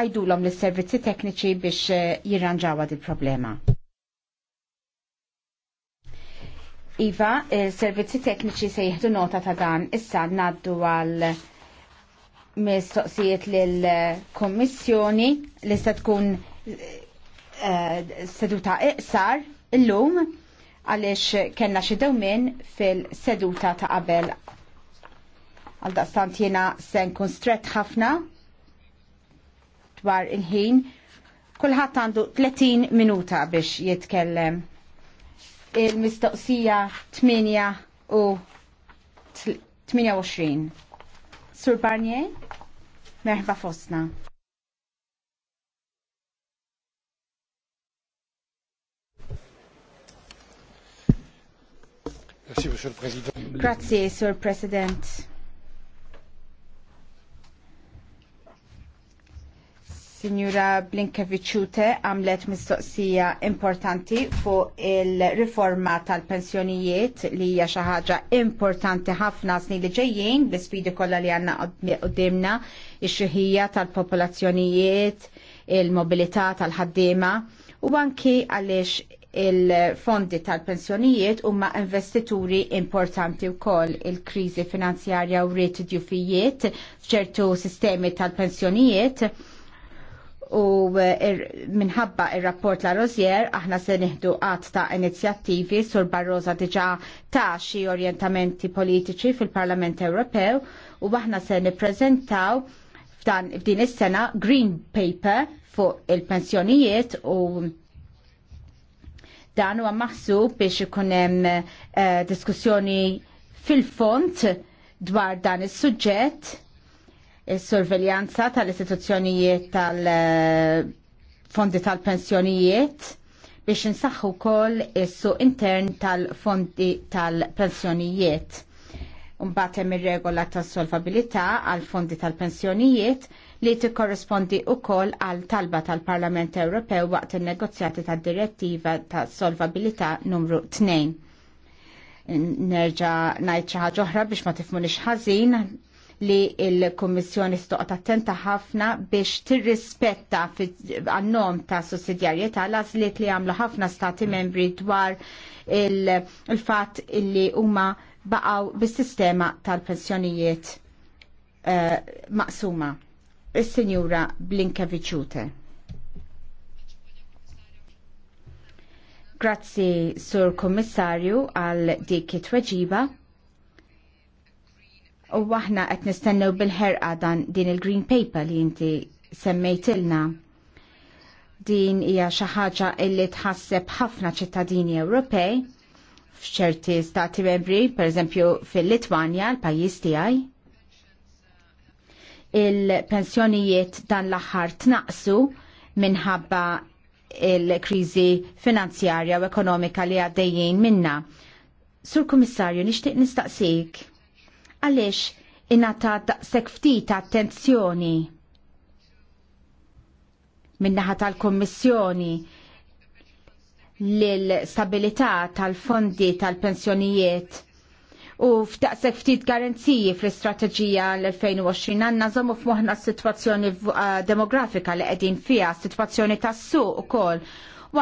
għajdulom l-servizzi tekniċi biex għad eh, il problema Iva, servizzi tekniċi se jihdu nota ta' dan issa naddu għal mistoqsijiet l-Kommissjoni li se tkun eh, seduta iqsar illum għaliex kena xidew fil-seduta ta' qabel. Għal daqstant jena sen kun stret ħafna dwar il-ħin. Kulħadd għandu 30 minuta biex jitkellem. Il-mistoqsija 8 u 28. Sur Barnier, merħba fostna. Grazie, Sur President. Signora Blinkevicute għamlet mistoqsija importanti fuq il-riforma tal-pensjonijiet li hija xi ħaġa importanti ħafna snin li ġejjin bi-spidi kollha li għandna qudiemna ix-xihija tal-popolazzjonijiet, il-mobilità tal-ħaddiema u anki għaliex il-fondi tal-pensjonijiet huma investituri importanti wkoll il-kriżi finanzjarja u rrit tidjufijiet f'ċertu sistemi tal-pensjonijiet u eh, minħabba il-rapport la Rozier aħna se nieħdu għat ta' inizjattivi sur Barroza diġà ta' xi orjentamenti politiċi fil-Parlament Ewropew u aħna se nippreżentaw f'dan f'din is-sena Green Paper fuq il-pensjonijiet u dan huwa maħsub biex ikun hemm uh, diskussjoni fil-font dwar dan is-suġġett is sorveljanza tal-istituzzjonijiet tal-fondi tal-pensjonijiet biex insaħħu kol is su intern tal-fondi tal-pensjonijiet. Unbatem il-regola tas solvabilità għal-fondi tal-pensjonijiet li t-korrespondi u kol għal talba tal-Parlament Ewropew waqt il-negozjati ta' direttiva ta' solvabilità numru 2 nerġa najt xi ħaġa oħra biex ma tifmunix ħażin li il-Kommissjoni stoqgħet attenta ħafna biex tirrispetta għan-nom ta' sussidjarjetà l-għażliet li għamlu ħafna stati membri dwar il-fatt il li huma baqgħu bis-sistema tal-pensjonijiet uh, maqsuma. Is-Sinjura Blinkeviċute. Grazzi, Sur Kommissarju, għal dik it-tweġiba u aħna qed nistennew bil-ħerqa dan din il-Green Paper li inti semmejtilna. Din hija xi ħaġa illi tħasseb ħafna ċittadini Ewropej f'ċerti stati membri, pereżempju fil-Litwanja, l-pajjiż tiegħi. Il-pensjonijiet dan l-aħħar tnaqsu minħabba il kriżi finanzjarja u ekonomika li għaddejjien minna. Sur Kummissarju, nixtieq nistaqsik għaliex inata daqshekk ftit attenzjoni minnaħa tal-Kommissjoni l-stabilità tal-fondi tal-pensjonijiet u ftaqsek ftit garanziji fl-istrateġija l-2020 għanna zomu f'moħna s-situazzjoni demografika li għedin fija, s-situazzjoni tas-suq u kol u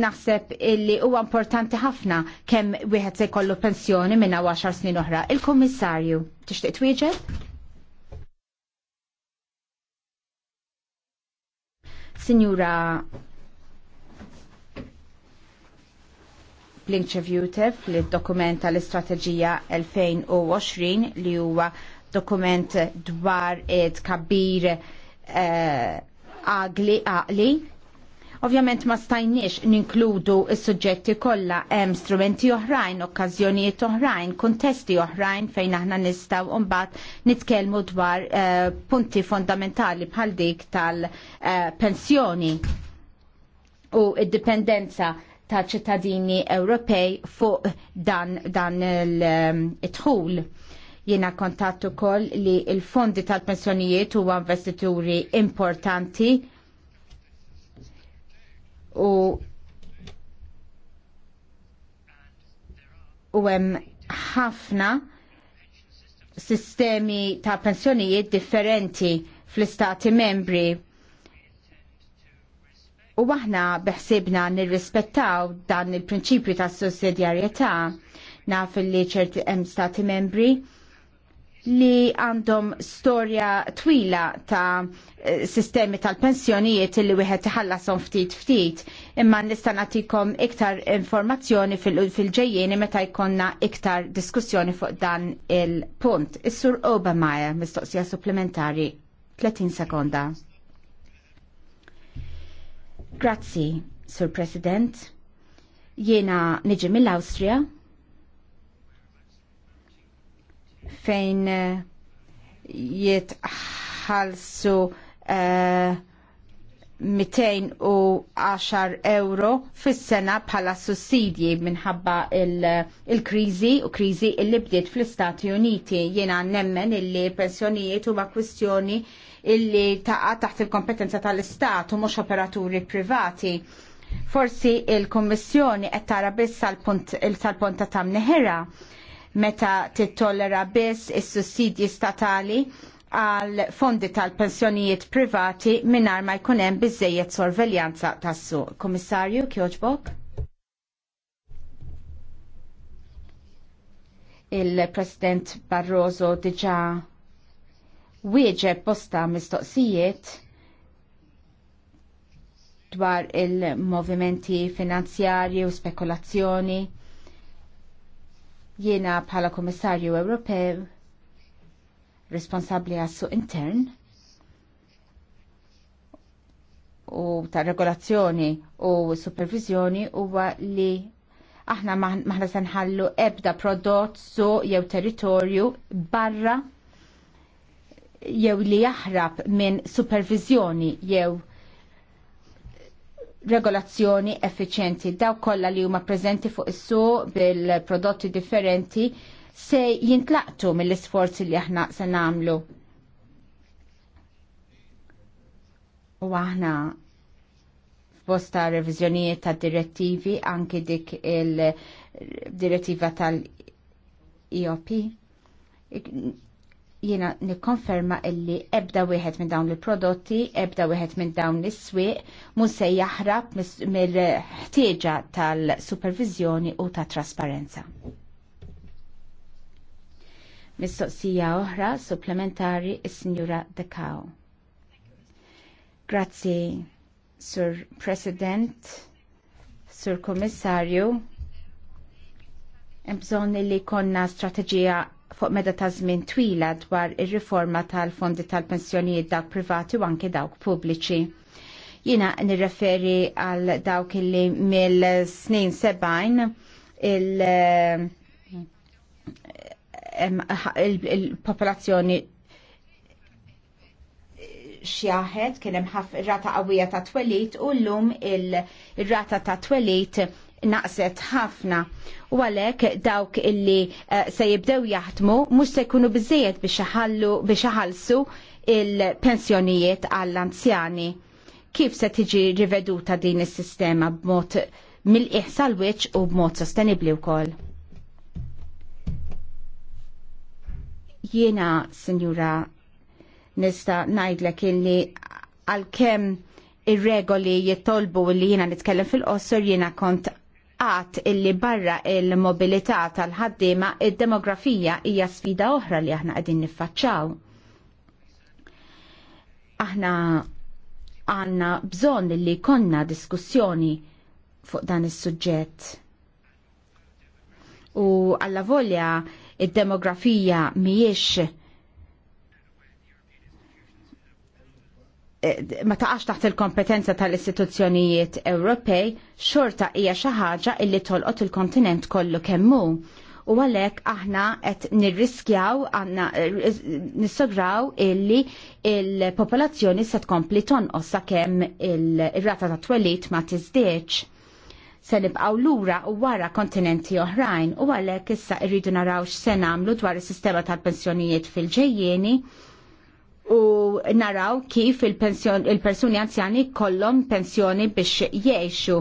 naħseb illi huwa importanti ħafna kemm wieħed se jkollu pensjoni minn 10 snin oħra. Il-Kummissarju, tixtieq twieġeb? Signora l li dokumenta l-istrateġija 2020 li huwa dokument dwar id kabir eh, agli għaqli Ovvjament ma stajniex ninkludu s-suġġetti kollha hemm strumenti oħrajn, okkażjonijiet oħrajn, kontesti oħrajn fejn aħna nistgħu mbagħad nitkellmu dwar uh, punti fondamentali bħal dik tal-pensjoni eh, uh, u id-dipendenza ta' ċittadini Ewropej fuq dan, dan il-tħul eh, jiena kontattu kol li il-fondi tal-pensjonijiet huwa investituri importanti u u hemm ħafna sistemi ta' pensjonijiet differenti fl-istati membri u aħna beħsibna nirrispettaw dan il-prinċipju ta' sussidjarjetà naf li ċerti hemm stati membri li għandhom storja twila ta' eh, sistemi tal-pensjonijiet li wieħed iħallasom ftit ftit imma nista' nagħtikom iktar informazzjoni fil-ġejjieni meta jkollna iktar diskussjoni fuq dan il-punt. Is-Sur Obermeyer mistoqsija supplementari 30 sekonda. Grazzi, Sur President. Jiena niġi mill-Awstrija, fejn jitħalsu uh, 210 euro fis-sena bħala sussidji minħabba il-kriżi il u kriżi illi bdiet fl-Istati Uniti. Jiena nemmen illi pensjonijiet huma kwistjoni illi taqa' taħt il-kompetenza tal-Istat u mhux operaturi privati forsi il-Kommissjoni qed tara biss tal-punt ta' tamneħera meta tittollera biss is-sussidji statali għal fondi tal-pensjonijiet privati mingħajr ma jkun hemm biżejjed sorveljanza tas-suq. Kjoġbok? Il-President Barroso diġa' wieġeb bosta mistoqsijiet dwar il-movimenti finanzjarji u spekulazzjoni Jiena bħala Komissarju Ewropew responsabli għassu intern u ta' regolazzjoni u supervizjoni huwa li aħna maħna sanħallu ebda prodott su jew territorju barra jew li jaħrab minn supervizjoni jew regolazzjoni effiċjenti. Daw kollha li huma preżenti fuq is su bil-prodotti differenti se jintlaqtu mill-isforzi li aħna se nagħmlu. U aħna f'bosta reviżjonijiet ta' direttivi anki dik il-direttiva tal-EOP jiena nikkonferma illi ebda wieħed minn dawn il-prodotti, ebda wieħed minn dawn is-swieq mhux se jaħrab mill-ħtieġa tal-supervizjoni u ta' trasparenza. Mistoqsija oħra supplementari is-Sinjura Dekao. Grazzi, Sur President, Sur Kommissarju. Hemm bżonn li konna strateġija fuq meda ta' żmien twila dwar ir-riforma tal-fondi tal-pensjonijiet dawk privati u anke dawk pubbliċi. Jina nirreferi għal dawk illi mill-snin 70 il- il-popolazzjoni xjaħed kien hemm rata qawwija ta' twelit u llum il-rata ta' twelit naqset ħafna u għalhekk dawk illi eh, se jibdew jaħdmu mhux se jkunu biżejjed biex iħallsu il-pensjonijiet għall-anzjani. Kif se tiġi riveduta din is-sistema b'mod mill-iħsal wiċċ u b'mod sostenibbli wkoll? Jiena, Sinjura, nista ngħidlek illi għalkemm ir-regoli jittolbu li jiena nitkellem fil-qossor jiena kont għat illi barra il-mobilità tal-ħaddima id-demografija hija sfida oħra li aħna qegħdin niffaċċaw. Aħna għanna bżonn li konna diskussjoni fuq dan is-suġġett. U alla volja id-demografija mhijiex Eh, ma taqax taħt il-kompetenza tal-istituzzjonijiet Ewropej, xorta hija xi ħaġa illi tolqot il-kontinent kollu kemmu. U għalhekk aħna qed nirriskjaw għandna eh, nissograw illi il-popolazzjoni se tkompli tonqos sakemm ir-rata ta' twelid ma tiżdieċ se nibqaw lura u wara kontinenti oħrajn u għalhekk issa rridu naraw x'se nagħmlu dwar is-sistema tal-pensjonijiet fil-ġejjieni u naraw kif il-persuni il anzjani kollom pensjoni biex jiexu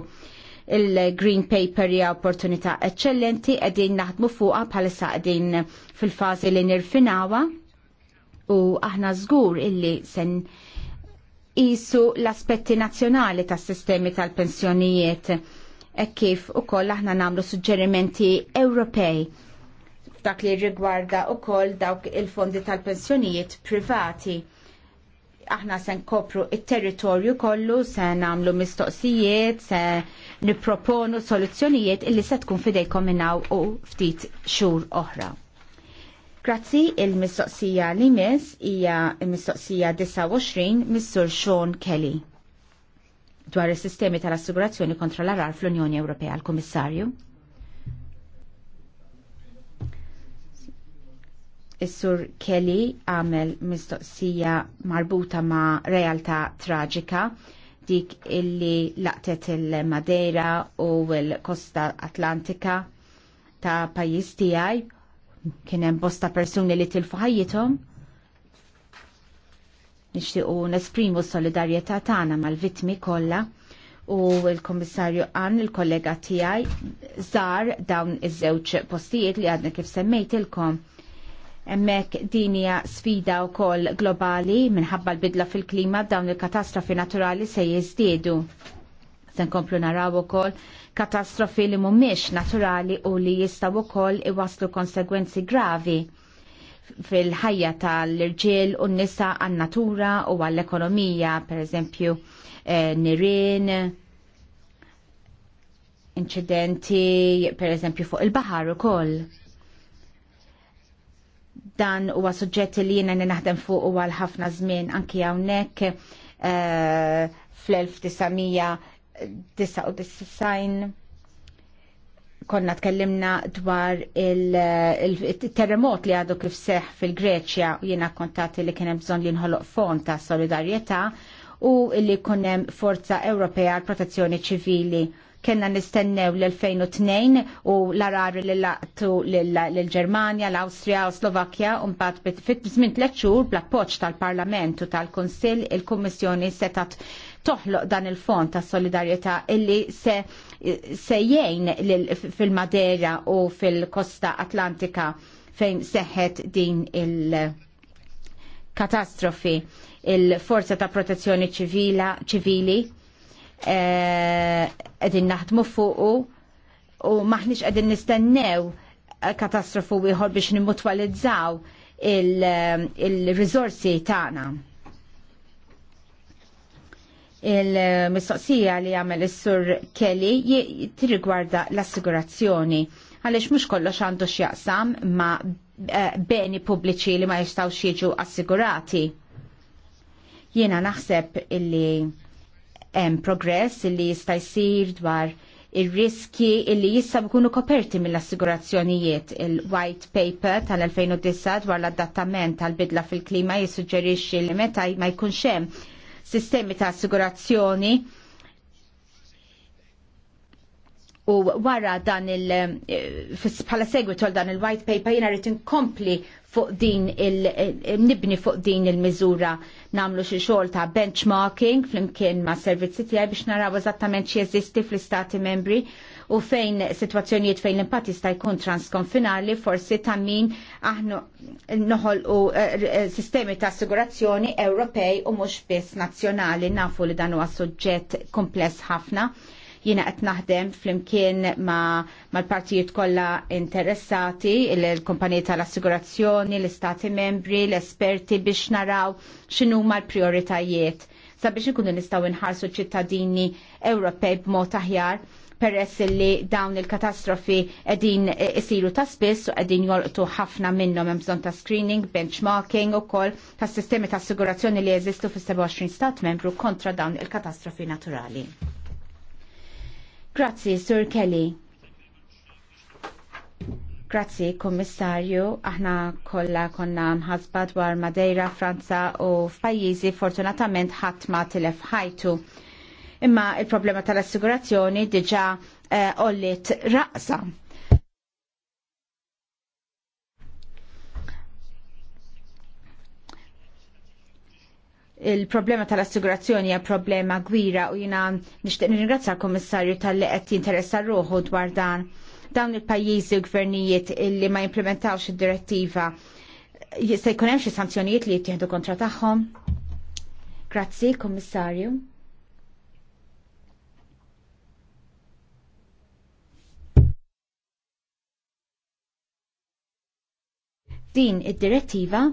il-Green Paper hija opportunità eccellenti qegħdin naħdmu fuqha bħalissa edin fil-fażi li nirfinawa u aħna żgur illi sen jisu l-aspetti nazzjonali tas-sistemi tal-pensjonijiet e kif ukoll aħna nagħmlu suġġerimenti Ewropej dak li rigwarda u koll dawk il-fondi tal-pensjonijiet privati. Aħna sen kopru il-territorju kollu, sen namlu mistoqsijiet, sen niproponu soluzzjonijiet illi se tkun fidejkom minnaw u ftit xur oħra. Grazzi il-mistoqsija li mis hija il-mistoqsija 29 mis-sur Sean Kelly dwar is-sistemi tal-assigurazzjoni kontra l-arar fl-Unjoni Ewropea l-Kummissarju. Is-sur Kelly għamel mistoqsija marbuta ma' realtà traġika dik illi laqtet il-Madeira u l-Kosta Atlantika ta' pajjiż tiegħi kien hemm bosta persuni li tilfu ħajjithom nixtiequ nesprimu s-solidarjetà tagħna mal-vittmi kollha u l-Komissarju għan il-kollega tijaj zar dawn iż-żewġ postijiet li għadna kif semmejtilkom. Emmek dinja sfida u kol globali minħabba l-bidla fil-klima dawn il-katastrofi naturali se jizdiedu. Sen komplu naraw u kol katastrofi li mumiex naturali u li jistaw u koll iwaslu konsegwenzi gravi fil-ħajja tal-irġiel u n-nisa għan-natura u għall-ekonomija, per eżempju, eh, nirin, incidenti, per eżempju, fuq il-bahar u koll Dan huwa suġġett li jiena naħdem fuq huwa ħafna żmien anki hawnhekk eh, fl-1999 konna tkellimna dwar il-terremot li għadu kif seħ fil-Greċja u jena kontat li kienem bżon li nħoloq fond ta' solidarieta u li kunem forza Ewropea għal protezzjoni ċivili kena nistennew l-2002 u l arar li laqtu l-Germania, l-Austria u Slovakia un bat fit-bizmin leċur bl poċ tal-Parlament u tal-Konsil il-Kommissjoni setat toħloq dan il-fond ta' solidarieta illi se sejjejn fil-Madeira u fil-Kosta Atlantika fejn seħħet din il-katastrofi il-forza ta' protezzjoni ċivili qegħdin eh, naħdmu fuqu u maħniex qegħdin nistennew katastrofu ieħor biex nimmutwalizzaw eh, il-rizorsi il tagħna. Il-mistoqsija li għamel is-sur Kelly tirrigwarda l-assigurazzjoni għaliex mhux kollox għandu x'jaqsam ma' eh, beni pubbliċi li ma jistgħux jiġu assigurati. Jiena naħseb illi hemm progress li jista' jsir dwar ir-riski li illi jissa bkunu koperti mill-assigurazzjonijiet. Il-White Paper tal-2009 dwar l-adattament tal-bidla fil-klima jissuġġerixxi li meta ma jkunx hemm sistemi ta' assigurazzjoni u wara dan il eh, bħala segwitu għal dan il-White Paper jina rritin inkompli fuq din il-nibni fuq din il-miżura namlu xi xogħol ta' benchmarking flimkien ma' servizzi tiegħi biex naraw eżattament xi jeżisti fl-istati membri u fejn sitwazzjonijiet fejn l-impatt jista' jkun transkonfinali forsi ta' min aħna noħol u eh, eh, sistemi ta' assigurazzjoni Ewropej u mhux biss nazzjonali nafu li dan huwa suġġett kompless ħafna Jiena qed naħdem flimkien ma' mal-partijiet kollha interessati, il-kumpaniji tal-assigurazzjoni, l-istati membri, l-esperti biex naraw x'inhuma l-prioritajiet sabiex nkunu nistgħu nħarsu ċittadini Ewropej b'mod aħjar peress li dawn il-katastrofi edin isiru ta' spiss u edin jolqtu ħafna minnhom hemm bżonn ta' screening, benchmarking u kol ta' sistemi ta' assigurazzjoni li jeżistu fis-27 stat membru kontra dawn il-katastrofi naturali. Grazzi, Sur Kelly. Grazzi, Kommissarju. Aħna kollha konna mħasba dwar Madeira, Franza u f'pajjiżi fortunatament ħadd ma tilef ħajtu. Imma il-problema tal-assigurazzjoni diġa' eh, ollit raqsa il-problema tal-assigurazzjoni hija problema gwira u jina nixtieq nirringrazzja l-Kummissarju tal-li qed jinteressa ruħu dwar dan. Dawn il-pajjiżi u gvernijiet illi ma jimplementawx id-direttiva jista' jkun hemm xi sanzjonijiet li jittieħdu kontra tagħhom. Grazzi, Kummissarju. Din id-direttiva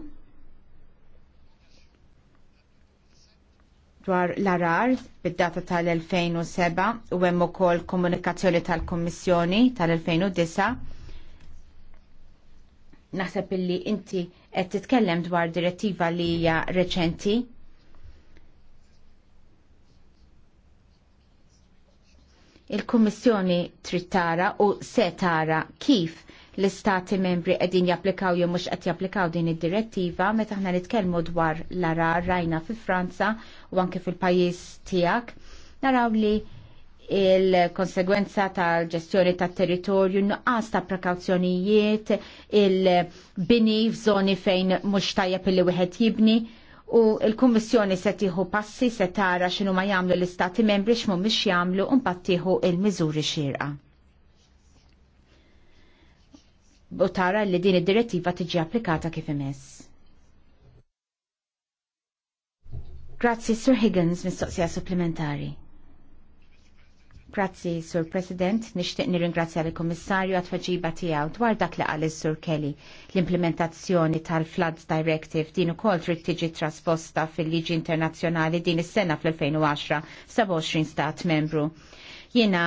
dwar l-arar bid-data tal-2007 u hemm ukoll komunikazzjoni tal-Kommissjoni tal-2009. Naħseb illi inti qed titkellem dwar direttiva li hija reċenti. Il-Kummissjoni trid tara u se tara kif l-istati membri qegħdin japplikaw jew mhux qed japplikaw din id-direttiva meta aħna nitkellmu dwar l-arar rajna fi Franza u anke fil-pajis tijak, naraw li il-konsegwenza tal-ġestjoni tat territorju nuqqas ta' prekawzjonijiet, il-bini f'żoni fejn mhux tajjeb pilli wieħed jibni, u il-Kummissjoni se tieħu passi se tara x'inhu ma jagħmlu l-Istati membri x'mhumiex jagħmlu u mbagħad tieħu il-miżuri xierqa. U tara li din id-direttiva tiġi applikata kif imess. Grazzi, Sir Higgins, mistoqsija supplementari. Grazzi, Sur President, nishtiq nirringrazzja l kommissarju għat faġiba tijaw dwar dak li għalli Sur Kelly. L-implementazzjoni tal-Floods Directive din ukoll trid tiġi trasposta fil-Liġi Internazzjonali din is-sena fl-2010 27 stat membru. Jiena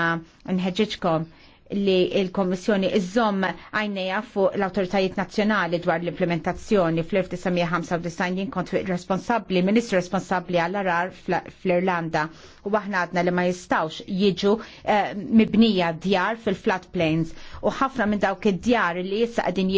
nħeġġiġkom li il-Kommissjoni iżomm għajnija fuq l-autoritajiet nazzjonali dwar l-implementazzjoni fl-1995 kont responsabbli, ministru responsabbli għall-arar fl-Irlanda u aħna għadna li ma jistawx jiġu eh, mibnija djar fil-flat plains u ħafna minn dawk id-djar li jissa għadin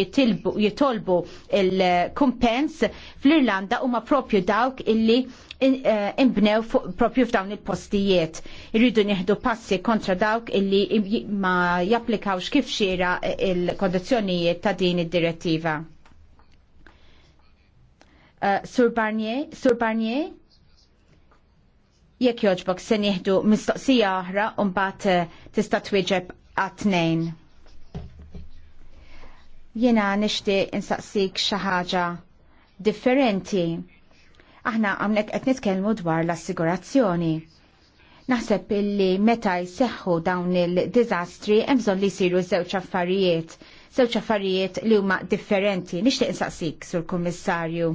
jitolbu il-kumpens fl-Irlanda u ma propju dawk illi eh, imbnew propju f'dawn il-postijiet. Irridu nieħdu passi kontra dawk illi ma japplikawx kif xira il-kondizjonijiet ta' din id-direttiva. Uh, Sur Barnier, Sur Barnier, Jekk joġbok se nieħdu mistoqsija oħra u mbagħad eh, tista' twieġeb għat-tnejn. Jiena nixtieq insaqsik xi ħaġa differenti. Aħna hawnhekk qed nitkellmu dwar l-assigurazzjoni. Naħseb illi meta jseħħu dawn il hemm bżonn li jsiru żewġ affarijiet, żewġ affarijiet li huma differenti. Nixtieq insaqsik sur kummissarju.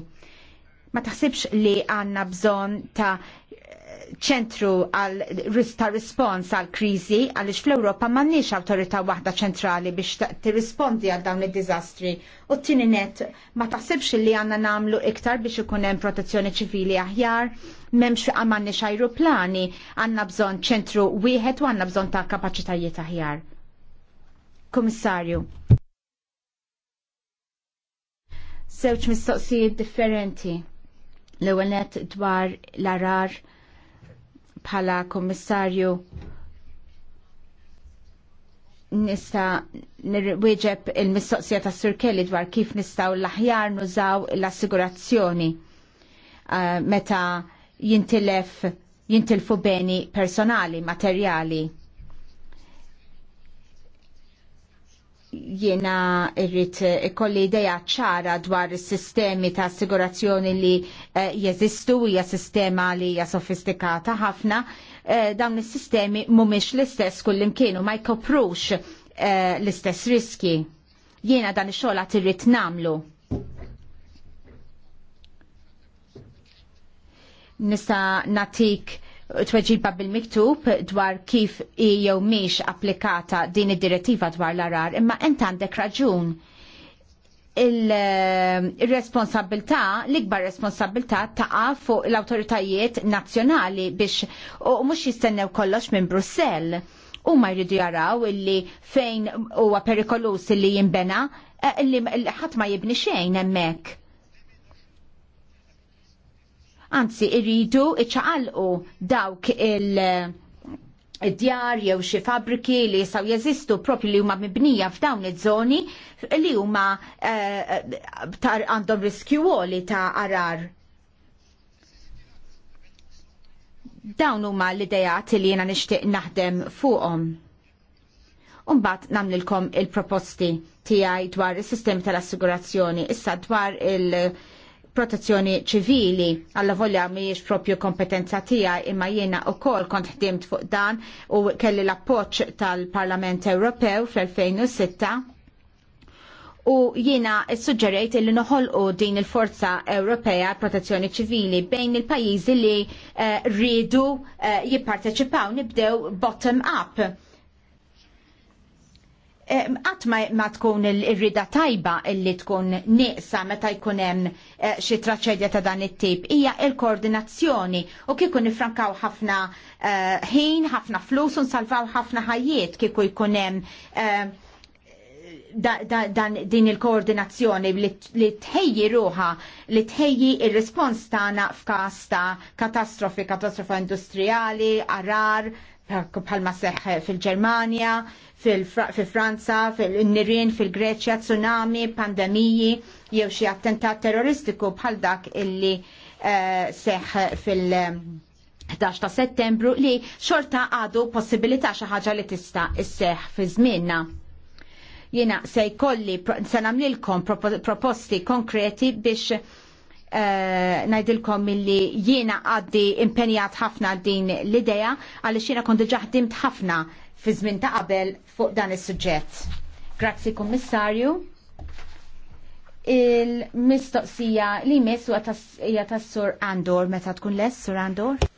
Ma taħsibx li għandna bżonn ta' ċentru ta' rispons għal kriżi għaliex fl-Ewropa m'għandniex awtorità waħda ċentrali biex tirrispondi għal dawn id-diżastri. U t tini net ma taħsibx li għandna nagħmlu iktar biex ikun hemm protezzjoni ċivili aħjar, m'hemmx m'għandniex ajruplani, għandna bżonn ċentru wieħed u għandna bżonn ta' kapaċitajiet aħjar. Komissarju. Sewċ mistoqsijiet differenti l-ewwel dwar l-arar bħala kommissarju nista nirweġeb il-mistoqsija ta' Sir Kelly dwar kif nistaw l-aħjar nużaw l-assigurazzjoni uh, meta jintilef jintilfu beni personali, materjali. Jiena irrit kolli ideja ċara dwar sistemi ta' assigurazzjoni li eh, jeżistu hija sistema li hija sofistikata ħafna eh, dawn is-sistemi mhumiex l-istess kullimkienu ma jkoprux eh, l-istess riski. Jiena dan ix-xogħol għad irrid nagħmlu. Nista' natik tweġiba bil-miktub dwar kif i jew miex applikata din id-direttiva dwar l-arar, imma ent għandek raġun il-responsabilità, eh, l-ikbar responsabilità taqa fuq l-autoritajiet nazzjonali biex u mux jistennew kollox minn Brussell u ma jridu jaraw illi fejn huwa perikolus illi jimbena eh, illi ħadd ma jibni xejn hemmhekk anzi irridu iċaqalqu dawk il- djar jew xi fabbriki li jistgħu jeżistu propri li huma mibnija f'dawn iż-żoni li huma eh, eh, għandhom riskju għoli ta' arar. Dawn huma l-idejat li jiena nixtieq naħdem fuqhom. Umbat namlilkom il-proposti tiegħi dwar is-sistemi tal-assigurazzjoni issa dwar il- protezzjoni ċivili għalla volja miex propju kompetenza tija imma jiena u kol kont ħdimt fuq dan u kelli l-appoċ tal-Parlament Ewropew fl-2006 u jiena suġġerejt li noħolqu din il-forza Ewropea protezzjoni ċivili bejn il-pajjiżi li uh, rridu uh, jipparteċipaw nibdew bottom up qatt ma tkun ir-rida tajba illi tkun nieqsa meta jkun hemm eh, xi traċedja ta' dan it-tip hija l-koordinazzjoni u kieku nifrankaw ħafna eh, ħin, ħafna flus u nsalvaw ħafna ħajjiet kieku jkun hemm eh, dan din il-koordinazzjoni li tħejji ruħa, li tħejji il-respons tagħna f'każ ta' katastrofi, katastrofa industrijali, arar, bħalma seħħ fil-Ġermanja, fil-Franza, fil-Nirien, fil-Greċja, tsunami, pandemiji, jew xi attentat terroristiku bħal dak illi eh, seħ seħħ fil- 11 ta' settembru li xorta għadu possibilità xi ħaġa li tista' isseħ fi żmienna. Jiena se jkolli se nagħmlilkom proposti konkreti biex Uh, najdilkom milli jiena għaddi impenjat ħafna din l-ideja għalli xina kondi ġaħdimt ħafna fi żmien ta' qabel fuq dan is-suġġett. Grazzi Kummissarju. Il-mistoqsija li mis huwa tas-sur Andor meta tkun les, sur Andor?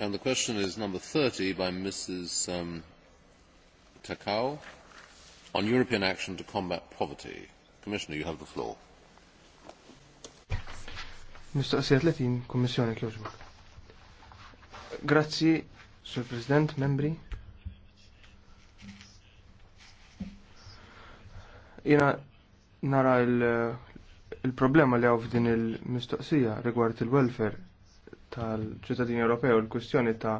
And the question is number 30 by Mrs. Um, Takao on European action to combat poverty. Commissioner, you have the floor. Mistaqsija 30, Kommissjoni Kjoġbuk. Grazzi, Sur President, membri. Jena nara il-problema li għaw f'din il-mistoqsija rigward il-welfare tal-ċittadini Ewropew l-kwistjoni ta'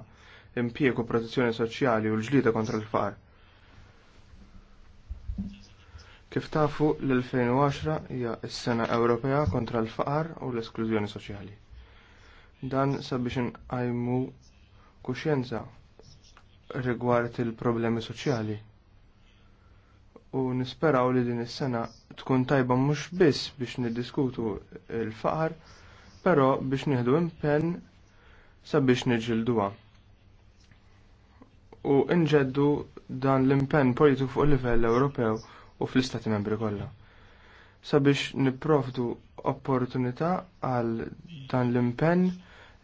impjieku protezzjoni soċjali u l-ġlida kontra l-faqar. Kif tafu l-2010 hija s-sena Ewropea kontra l-faqar u l-esklużjoni soċjali. Dan sabiex inqajmu kuxjenza rigward il-problemi soċjali u nisperaw li din is-sena tkun tajba mhux biss biex niddiskutu l-faqar, però biex nieħdu impenn sabiex niġilduha. U nġeddu dan l-impenn politiku fuq livell Ewropew u fl-Istati Membri kollha. Sabiex nipprovdu opportunità għal dan l-impenn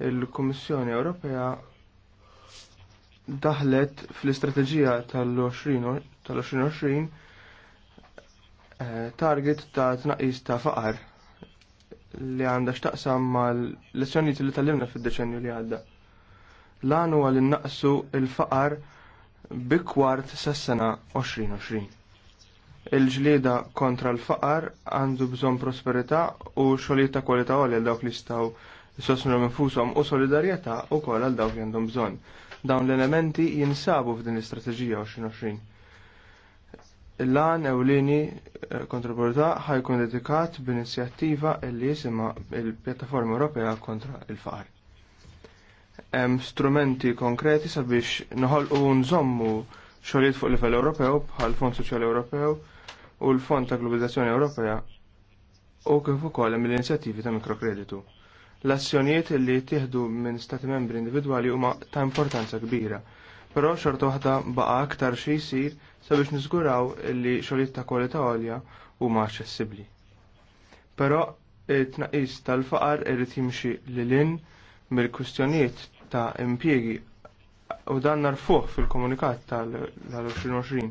il-Kummissjoni Ewropea daħlet fl-istrateġija tal-2020 tal eh, target ta' tnaqis ta' faqar li għandha x'taqsam mal-lezzjonijiet li tal-limna fid deċenju li għadda. l għanu huwa naqsu l-faqar bi kwart sas-sena 2020. Il-ġlieda kontra l-faqar għandu bżonn prosperità u xolita ta' kwalità għolja dawk li jistgħu sosnu minfusom u solidarjetà kol għal dawk li għandhom bżonn. Dawn l-elementi jinsabu f'din l istrategija 2020 l-għan ewlini eh, kontraborda ħajkun dedikat b'inizjattiva li jisima il-Pjattaforma Ewropea kontra il-Faqar. Hemm strumenti konkreti sabiex noħolqu nżommu xogħlijiet fuq livell Ewropew bħal Fond Soċjali Ewropew u l-Fond ta' Globalizzazzjoni Ewropea u kif ukoll hemm l-inizjattivi ta' mikrokreditu. L-azzjonijiet li jittieħdu minn stati membri individwali huma ta' importanza kbira, però xorta waħda baqa' aktar xi jsir sabiex niżguraw li xogħlijiet ta' kwalità għolja huma aċċessibbli. Però it-tnaqqis tal-faqar irid jimxi lilin mill-kwistjonijiet ta' impjiegi u dan narfuh fil-komunikat tal-2020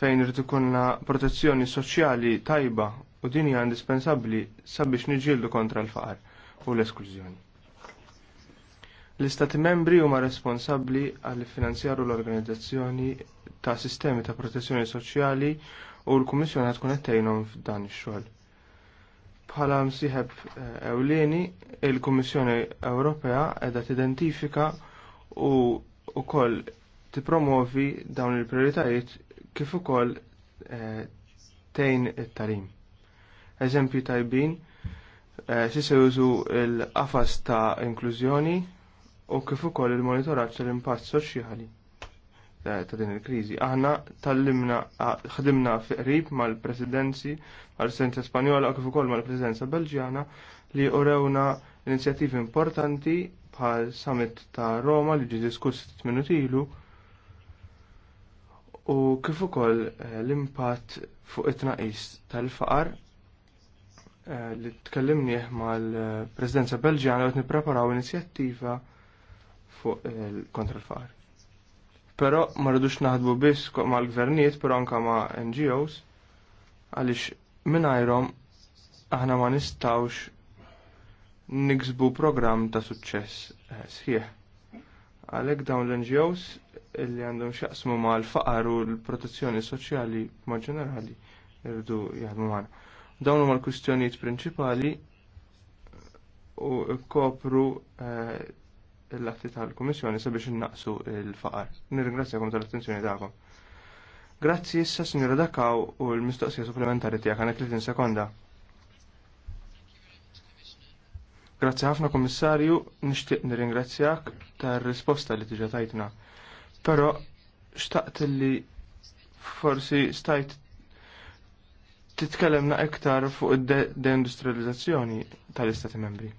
fejn irid ikunna protezzjoni soċjali tajba u din hija indispensabbli sabiex niġġieldu kontra l-faqar u l-esklużjoni. L-Istati membri huma responsabbli għall finanzjaru l-organizzazzjoni ta' sistemi ta' protezzjoni soċjali u l-Kummissjoni tkun qed tgħinhom f'dan ix-xogħol. Bħala msieħeb eh, ewlieni, il-Kummissjoni Ewropea qiegħda tidentifika u wkoll tippromovi dawn il-prioritajiet kif ukoll eh, tgħin it-talim. Eżempju tajbin, eh, se jużu l-qafas ta' inklużjoni u kif ukoll il-monitoraġġ tal-impatt soċjali ta' din il-kriżi. Aħna tallimna ħdimna qrib mal-presidenzi mal-presidenza Spanjola u kif ukoll mal-presidenza Belġjana li urewna inizjattivi importanti bħal summit ta' Roma li ġi diskuss minuti ilu u kif ukoll eh, l-impatt fuq it-tnaqis tal-faqar eh, li tkellimnieh mal-Presidenza eh, Belġjana u qed nippreparaw inizjattiva fuq kontra l-faqar. Però ma rridux naħdbu biss mal-gvernijiet, pero anka ma' NGOs, għaliex minnajrom aħna ma nistawx niksbu program ta' suċċess eh, sħiħ. Għalek dawn l-NGOs li għandhom xaqsmu ma l-faqar u l-protezzjoni soċjali ma ġenerali irdu jaħdmu għana. Dawn huma l-kwistjonijiet prinċipali u kopru eh, l-atti tal-Kummissjoni sabiex innaqsu l-faqar. Nirringrazzjakom tal-attenzjoni tagħkom. Grazzi issa Sinjora Dakaw u l-mistoqsija supplementari tiegħek għandek 30 sekonda. Grazzi ħafna Kommissarju, nixtieq nirringrazzjak tar-risposta li tiġa tajtna. Però xtaqt li forsi stajt titkellemna iktar fuq id-deindustrializzazzjoni tal-Istati Membri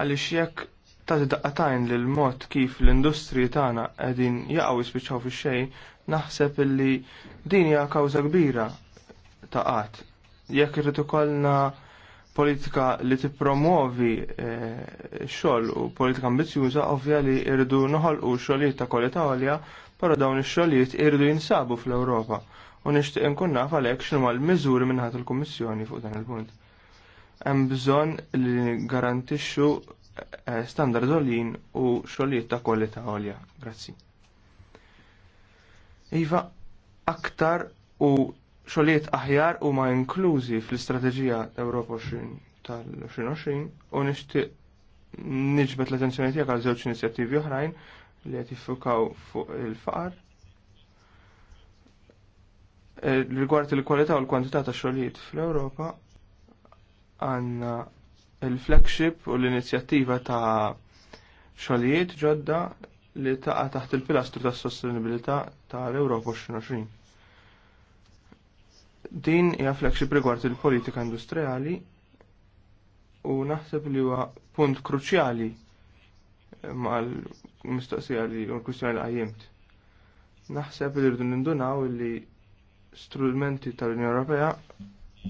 għaliex jekk tagħti daqqatajn lil mod kif l-industriji tagħna qegħdin jaqgħu jispiċċaw fix-xejn, naħseb illi din hija kawża kbira ta' qatt. Jekk irrid ikollna politika li tippromuovi x-xogħol eh, u politika ambizjuża, ovvja li irridu noħolqu xogħlijiet ta' kwalità għalja, però dawn ix-xogħlijiet irridu jinsabu fl-Ewropa u nixtieq inkun naf għalhekk x'huma l-miżuri minn il-Kummissjoni fuq dan il-punt hemm bżonn li garantixxu eh, standard għolin u xogħlijiet ta' kwalità għolja. Grazzi. Iva, aktar u xogħlijiet aħjar huma inklużi fl-istrateġija Ewropa 20 tal-2020 u nixtieq niġbet l-attenzjoni tiegħek għal żewġ inizjattivi oħrajn li qed jiffukaw fuq il-faqar eh, rigward il-kwalità u l-kwantità ta' xogħlijiet fl-Ewropa għanna il-flagship u l-inizjattiva ta' xogħlijiet ġodda li taqa taħt il-pilastru tas sostenibilità tal-Europa 2020. Din hija flagship rigward il-politika industrijali u naħseb li huwa punt kruċjali mal-mistoqsija li u l-kwistjoni li qajjimt. Naħseb li rridu nindunaw li strumenti tal-Unjoni Ewropea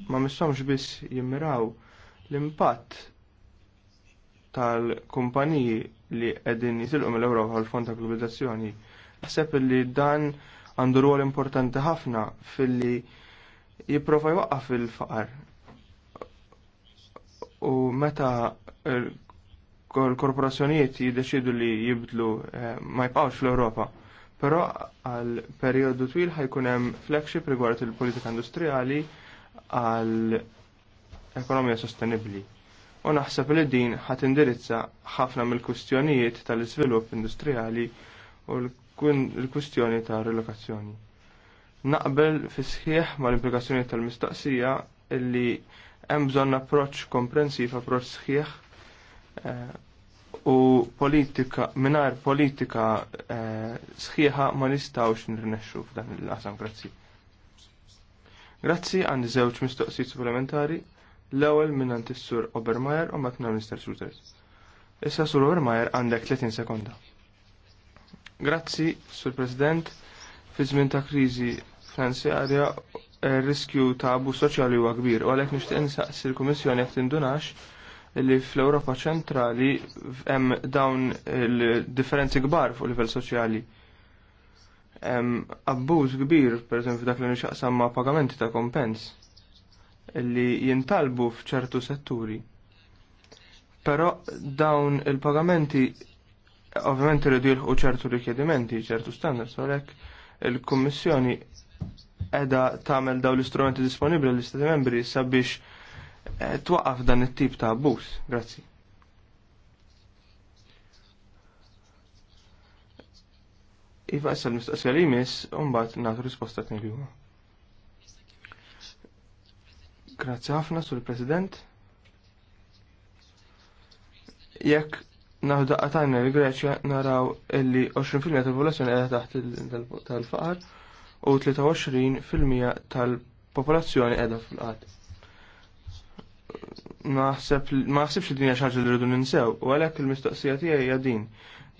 ma mistawx biss jimmiraw l-impatt tal-kumpaniji li qegħdin jitilqu mill-Ewropa għal fond ta' globalizzazzjoni. Naħseb li dan għandu rwol importanti ħafna filli jipprova jwaqqaf il-faqar. U meta l-korporazzjonijiet jiddeċidu li jibdlu eh, ma jibqgħux l-Ewropa. Però għal perjodu twil ħajkunem hemm flagship rigward il-politika industrijali għal ekonomija sostenibli. U naħseb li din ħat indirizza ħafna mill-kustjonijiet tal-iżvilupp industrijali u l-kustjoni tal relokazzjoni. Naqbel fisħieħ ma l-implikazzjoni tal-mistaqsija illi hemm bżonn approċċ komprensiv, approċċ sħiħ eh, u politika mingħajr politika eh, sħiħa ma nistawx nirnexxu f'dan il-qasam grazzi. Grazzi għandi żewġ mistoqsijiet supplementari l-ewwel minn is-sur Obermeyer u matna Mr. Shooters. Issa sur Obermeyer għandek 30 sekonda. Grazzi, sur President, fi żmien ta' kriżi finanzjarja riskju ta' abu soċjali huwa kbir u għalhekk nixtieq insaqsi l-Kummissjoni qed tindunax li fl-Ewropa ċentrali hemm dawn il-differenzi kbar fuq livell soċjali abbuż kbir, per eżempju, dak li nixaqsam ma' pagamenti ta' kompens li jintalbu f'ċertu setturi. Però dawn il-pagamenti ovvjament irridu jilħu ċertu rikjedimenti, ċertu standards, għalhekk il-Kummissjoni edha tagħmel dawn l-istrumenti disponibbli l istati membri sabiex eh, twaqqaf dan it-tip ta' abbuż. Grazzi. Iva issa mistoqsija li jmiss, umbat nagħtu risposta t juma. Grazzi ħafna sur President. Jekk naħdu daqqa tajna li greċja naraw illi 20% tal-popolazzjoni qiegħda taħt tal-faqar u 23% tal-popolazzjoni qiegħda fil qad Maħsibx ma li dinja xaġa li rridu ninsew, u għalhekk il-mistoqsija tiegħi din.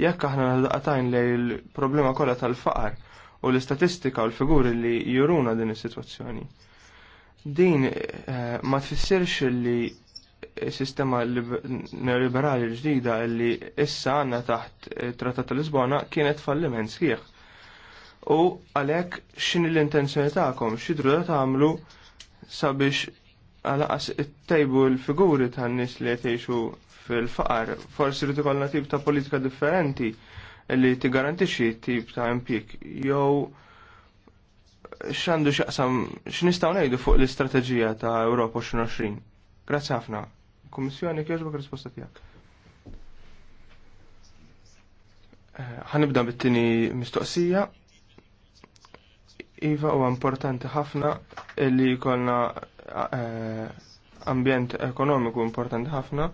Jekk aħna nħallaqatajn lej il-problema kollha tal-faqar u l-istatistika u l-figuri li juruna din is-sitwazzjoni. Din eh, ma tfissirx li sistema neoliberali ġdida li issa għanna taħt eh, trattat tal-Lisbona kienet falliment sħiħ. U għalek xin l-intenzjoni taħkom, xidru da ta'mlu sabiex għalaqas it-tejbu l-figuri tan nis li jtejxu fil-faqar, forsi li tikollna tip ta' politika differenti li tigarantixxi tip ta' impjik. Jew x'għandu x'aqsam x'nistgħu ngħidu fuq l-istrateġija ta' Ewropa 2020. Grazzi ħafna. Kummissjoni kieġbek risposta tiegħek. Eh, ħanibda bit-tieni mistoqsija. Iva huwa importanti ħafna li jkollna eh, ambjent ekonomiku importanti ħafna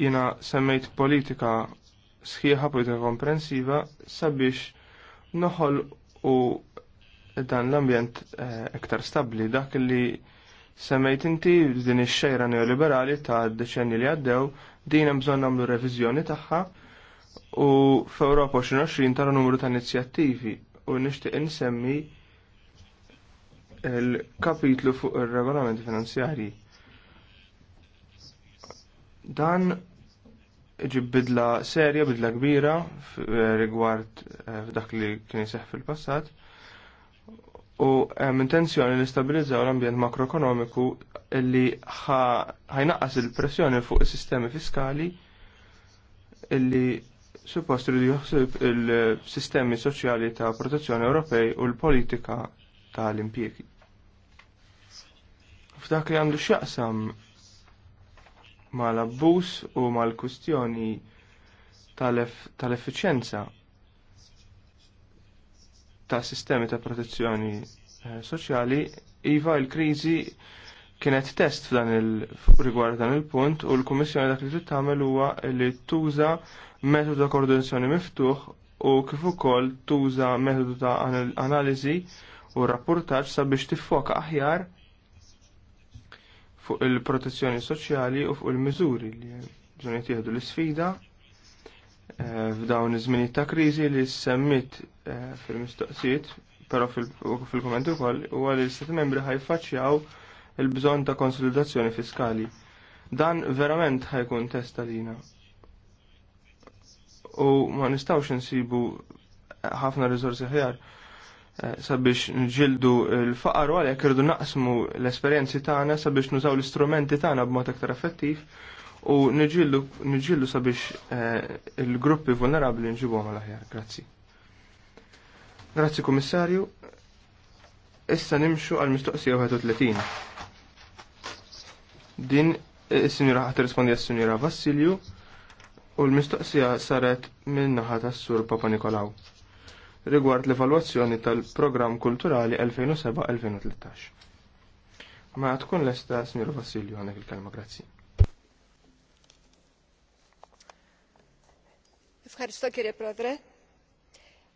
jina semmejt politika sħiħa politika komprensiva sabiex noħol u dan l-ambjent iktar eh, stabli dak li semmejt inti din ix-xejra neoliberali ta' deċenni li għaddew din hemm bżonn nagħmlu reviżjoni tagħha u f'Ewropa 2020 tara numru ta' inizjattivi u nixtieq insemmi il-kapitlu fuq ir regolamenti finanzjarji. Dan ġib bidla serja, bidla kbira eh, rigward eh, f'dak li kien jiseħ fil-passat. U hemm intenzjoni li stabilizzaw l-ambjent makroekonomiku li ħajnaqqas il-pressjoni fuq is-sistemi fiskali illi suppost li joħsib il-sistemi soċjali ta' protezzjoni Ewropej u l-politika tal-impjegi. F'dak li għandu x'jaqsam mal-abbuż u mal-kustjoni tal-effiċjenza ta' sistemi ta' protezzjoni eh, soċjali, iva l-kriżi kienet test f'dan il-rigward dan il-punt u l-Kummissjoni dak li trid tagħmel huwa li tuża metodu ta' koordinazzjoni miftuħ u kif ukoll tuża metodu ta' analiżi u rapportaġġ sabiex tiffoka aħjar fuq il-protezzjoni soċjali u fuq il-miżuri li bżonn jieħdu l-isfida eh, f'dawn iż-żminijiet ta' kriżi li semmit eh, fil-mistoqsijiet, però fil-komment ukoll huwa li l-Stati membri ħajfaċċjaw il-bżonn ta' konsolidazzjoni fiskali. Dan verament ħajkun test għalina. U ma nistgħux insibu ħafna riżorsi ħjar Eh, sabiex nġildu l-faqar u għalhekk irridu naqsmu l-esperjenzi tagħna sabiex nużaw l-istrumenti tagħna b'mod aktar effettiv u nġildu sabiex eh, il-gruppi vulnerabbli nġibuhom għal aħjar. Grazzi. Grazzi Kummissarju. Issa nimxu għal mistoqsija 31. Din eh, is-sinjura ħat tirrispondi għas-sinjura Vassilju u l-mistoqsija saret minn naħa tas-sur Papa Nikolaw rigward l-evalwazzjoni tal-programm kulturali 2007-2013. Ma tkun l-esta, Signor Vassilju, għanek il-kelma, grazzi. Ευχαριστώ κύριε Πρόεδρε.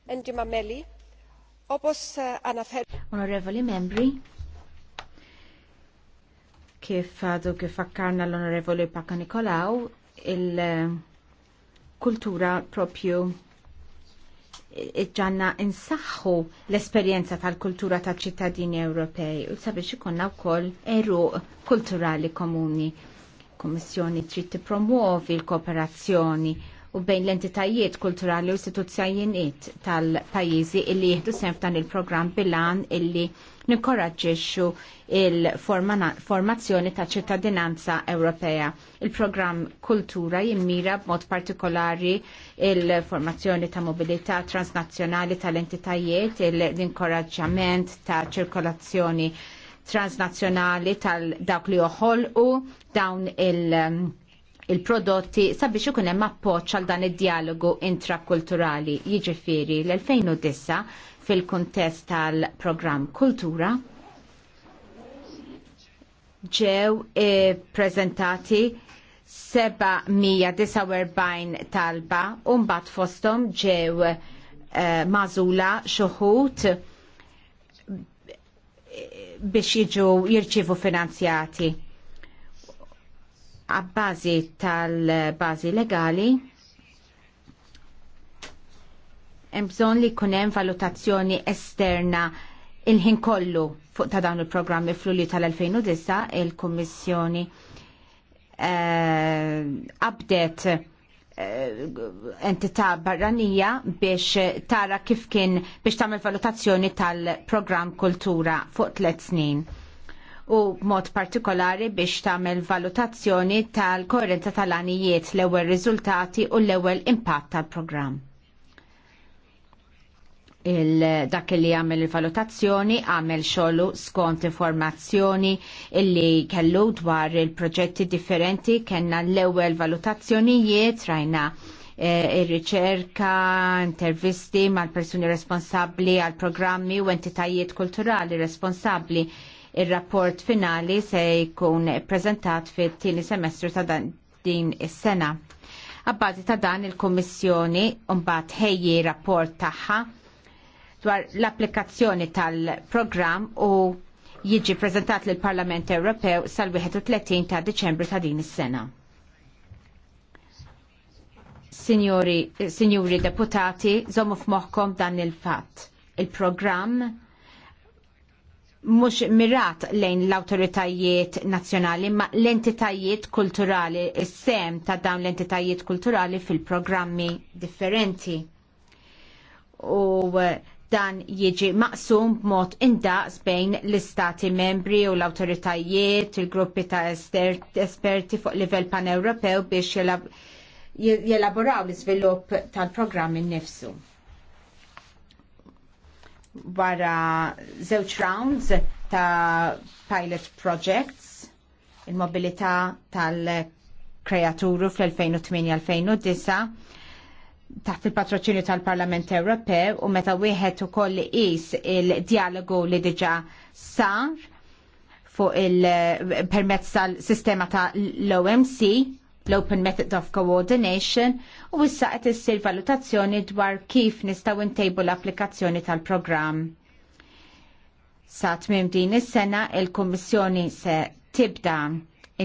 Έντιμα μέλη, όπως αναφέρει... Onorevoli membri, kif għadu kif għakkarna l-Onorevoli Paka Nikolaw, il-kultura propju ġanna insaħħu l-esperienza tal-kultura tal-ċittadini Ewropej u sabiex ikonna wkoll eruq kulturali komuni. Kommissjoni trid tippromuovi l-kooperazzjoni u bejn l-entitajiet kulturali u istituzzjonijiet tal-pajjiżi illi jieħdu sem f'dan il-programm bilan illi nikkoraġġixxu il-formazzjoni ta' ċittadinanza Ewropea. Il-programm Kultura jimmira b'mod partikolari il-formazzjoni ta' mobilità transnazzjonali tal-entitajiet, l-inkoraġġament ta' ċirkolazzjoni transnazzjonali tal-dawk li joħolqu dawn il- il-prodotti sabiex ikun hemm appoġġ għal dan id-dialogu intrakulturali. Jiġifieri l-2009 fil-kuntest tal-programm Kultura ġew e prezentati 749 talba u mbagħad fosthom ġew magħżula eh, mażula xuħut eh, biex jiġu jirċivu finanzjati għabbażi tal-bażi legali hemm bżonn li jkun hemm valutazzjoni esterna il-ħin kollu fuq ta' dawn il-programmi fl-Lulju tal-2009 il-Kummissjoni eh, abdet entita' eh, entità barranija biex tara kif kien biex tagħmel valutazzjoni tal-programm kultura fuq tliet snin u mod partikolari biex tagħmel valutazzjoni tal-korrenza tal-għanijiet l-ewwel riżultati u l-ewwel impatt tal-programm. dak li għamel il-valutazzjoni għamel xogħlu skont informazzjoni illi kellu dwar il-proġetti differenti kellna l-ewwel valutazzjonijiet rajna E, ir-riċerka, intervisti mal persuni responsabbli għal programmi u entitajiet kulturali responsabbli Il-rapport finali se jkun prezentat fit-tieni semestru ta' din is-sena. Abbażi ta' dan il-Kommissjoni mbagħad ħejji rapport tagħha dwar l-applikazzjoni tal-programm u jiġi prezentat lill parlament Ewropew sal-31 ta' Deċembru ta' din is-sena. Signori, signori deputati, żommu f'moħħkom dan il-fatt. Il-programm mhux mirat lejn l awtoritajiet nazzjonali ma l-entitajiet kulturali, il sem ta' dawn l-entitajiet kulturali fil-programmi differenti. U eh, dan jiġi maqsum b'mod indaqs bejn l-istati membri u l awtoritajiet il-gruppi ta' esperti fuq livell pan-Ewropew biex jelaboraw l-iżvilupp tal programmi nnifsu wara żewġ rounds ta' pilot projects il-mobilità tal-kreaturu fl-2008-2009 taħt il-patroċinju tal-Parlament Ewropew u meta wieħed ukoll is il-dialogu li diġa sar fuq il-permezz tal-sistema ta' l-OMC l-Open Method of Coordination u issa qed issir valutazzjoni dwar kif nistgħu ntejbu l-applikazzjoni tal-programm. Sa tmiem din is-sena il-Kummissjoni se tibda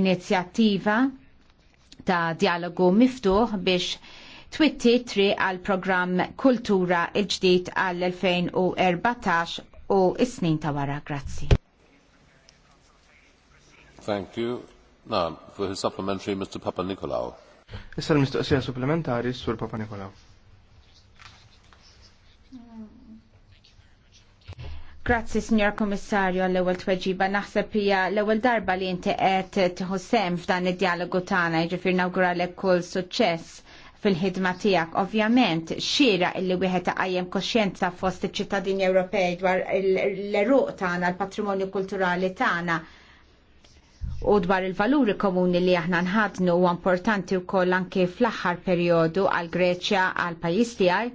inizjattiva ta' dialogu miftuħ biex twitti tri għal programm Kultura il-ġdid għal-2014 u is-snin ta' wara. Grazzi. Thank you. No, for his supplementary, Mr. Papa Nikolaou. Issa l-mistoqsija supplementari sur Papa Nikolaou. Grazzi, Signor Kommissarju, għall ewwel tweġiba. Naħseb hija l-ewwel darba li inti qed tħossem f'dan id-dialogu tagħna, ġifir nawguralek kull suċċess fil-ħidma tiegħek. Ovvjament, xira illi wieħed għajem kosċenza fost iċ-ċittadini Ewropej dwar l-eruq tagħna, l-patrimonju kulturali tagħna u dwar il-valuri komuni li aħna nħadnu u importanti u koll anke fl-axħar periodu għal Greċja għal pajis tijaj.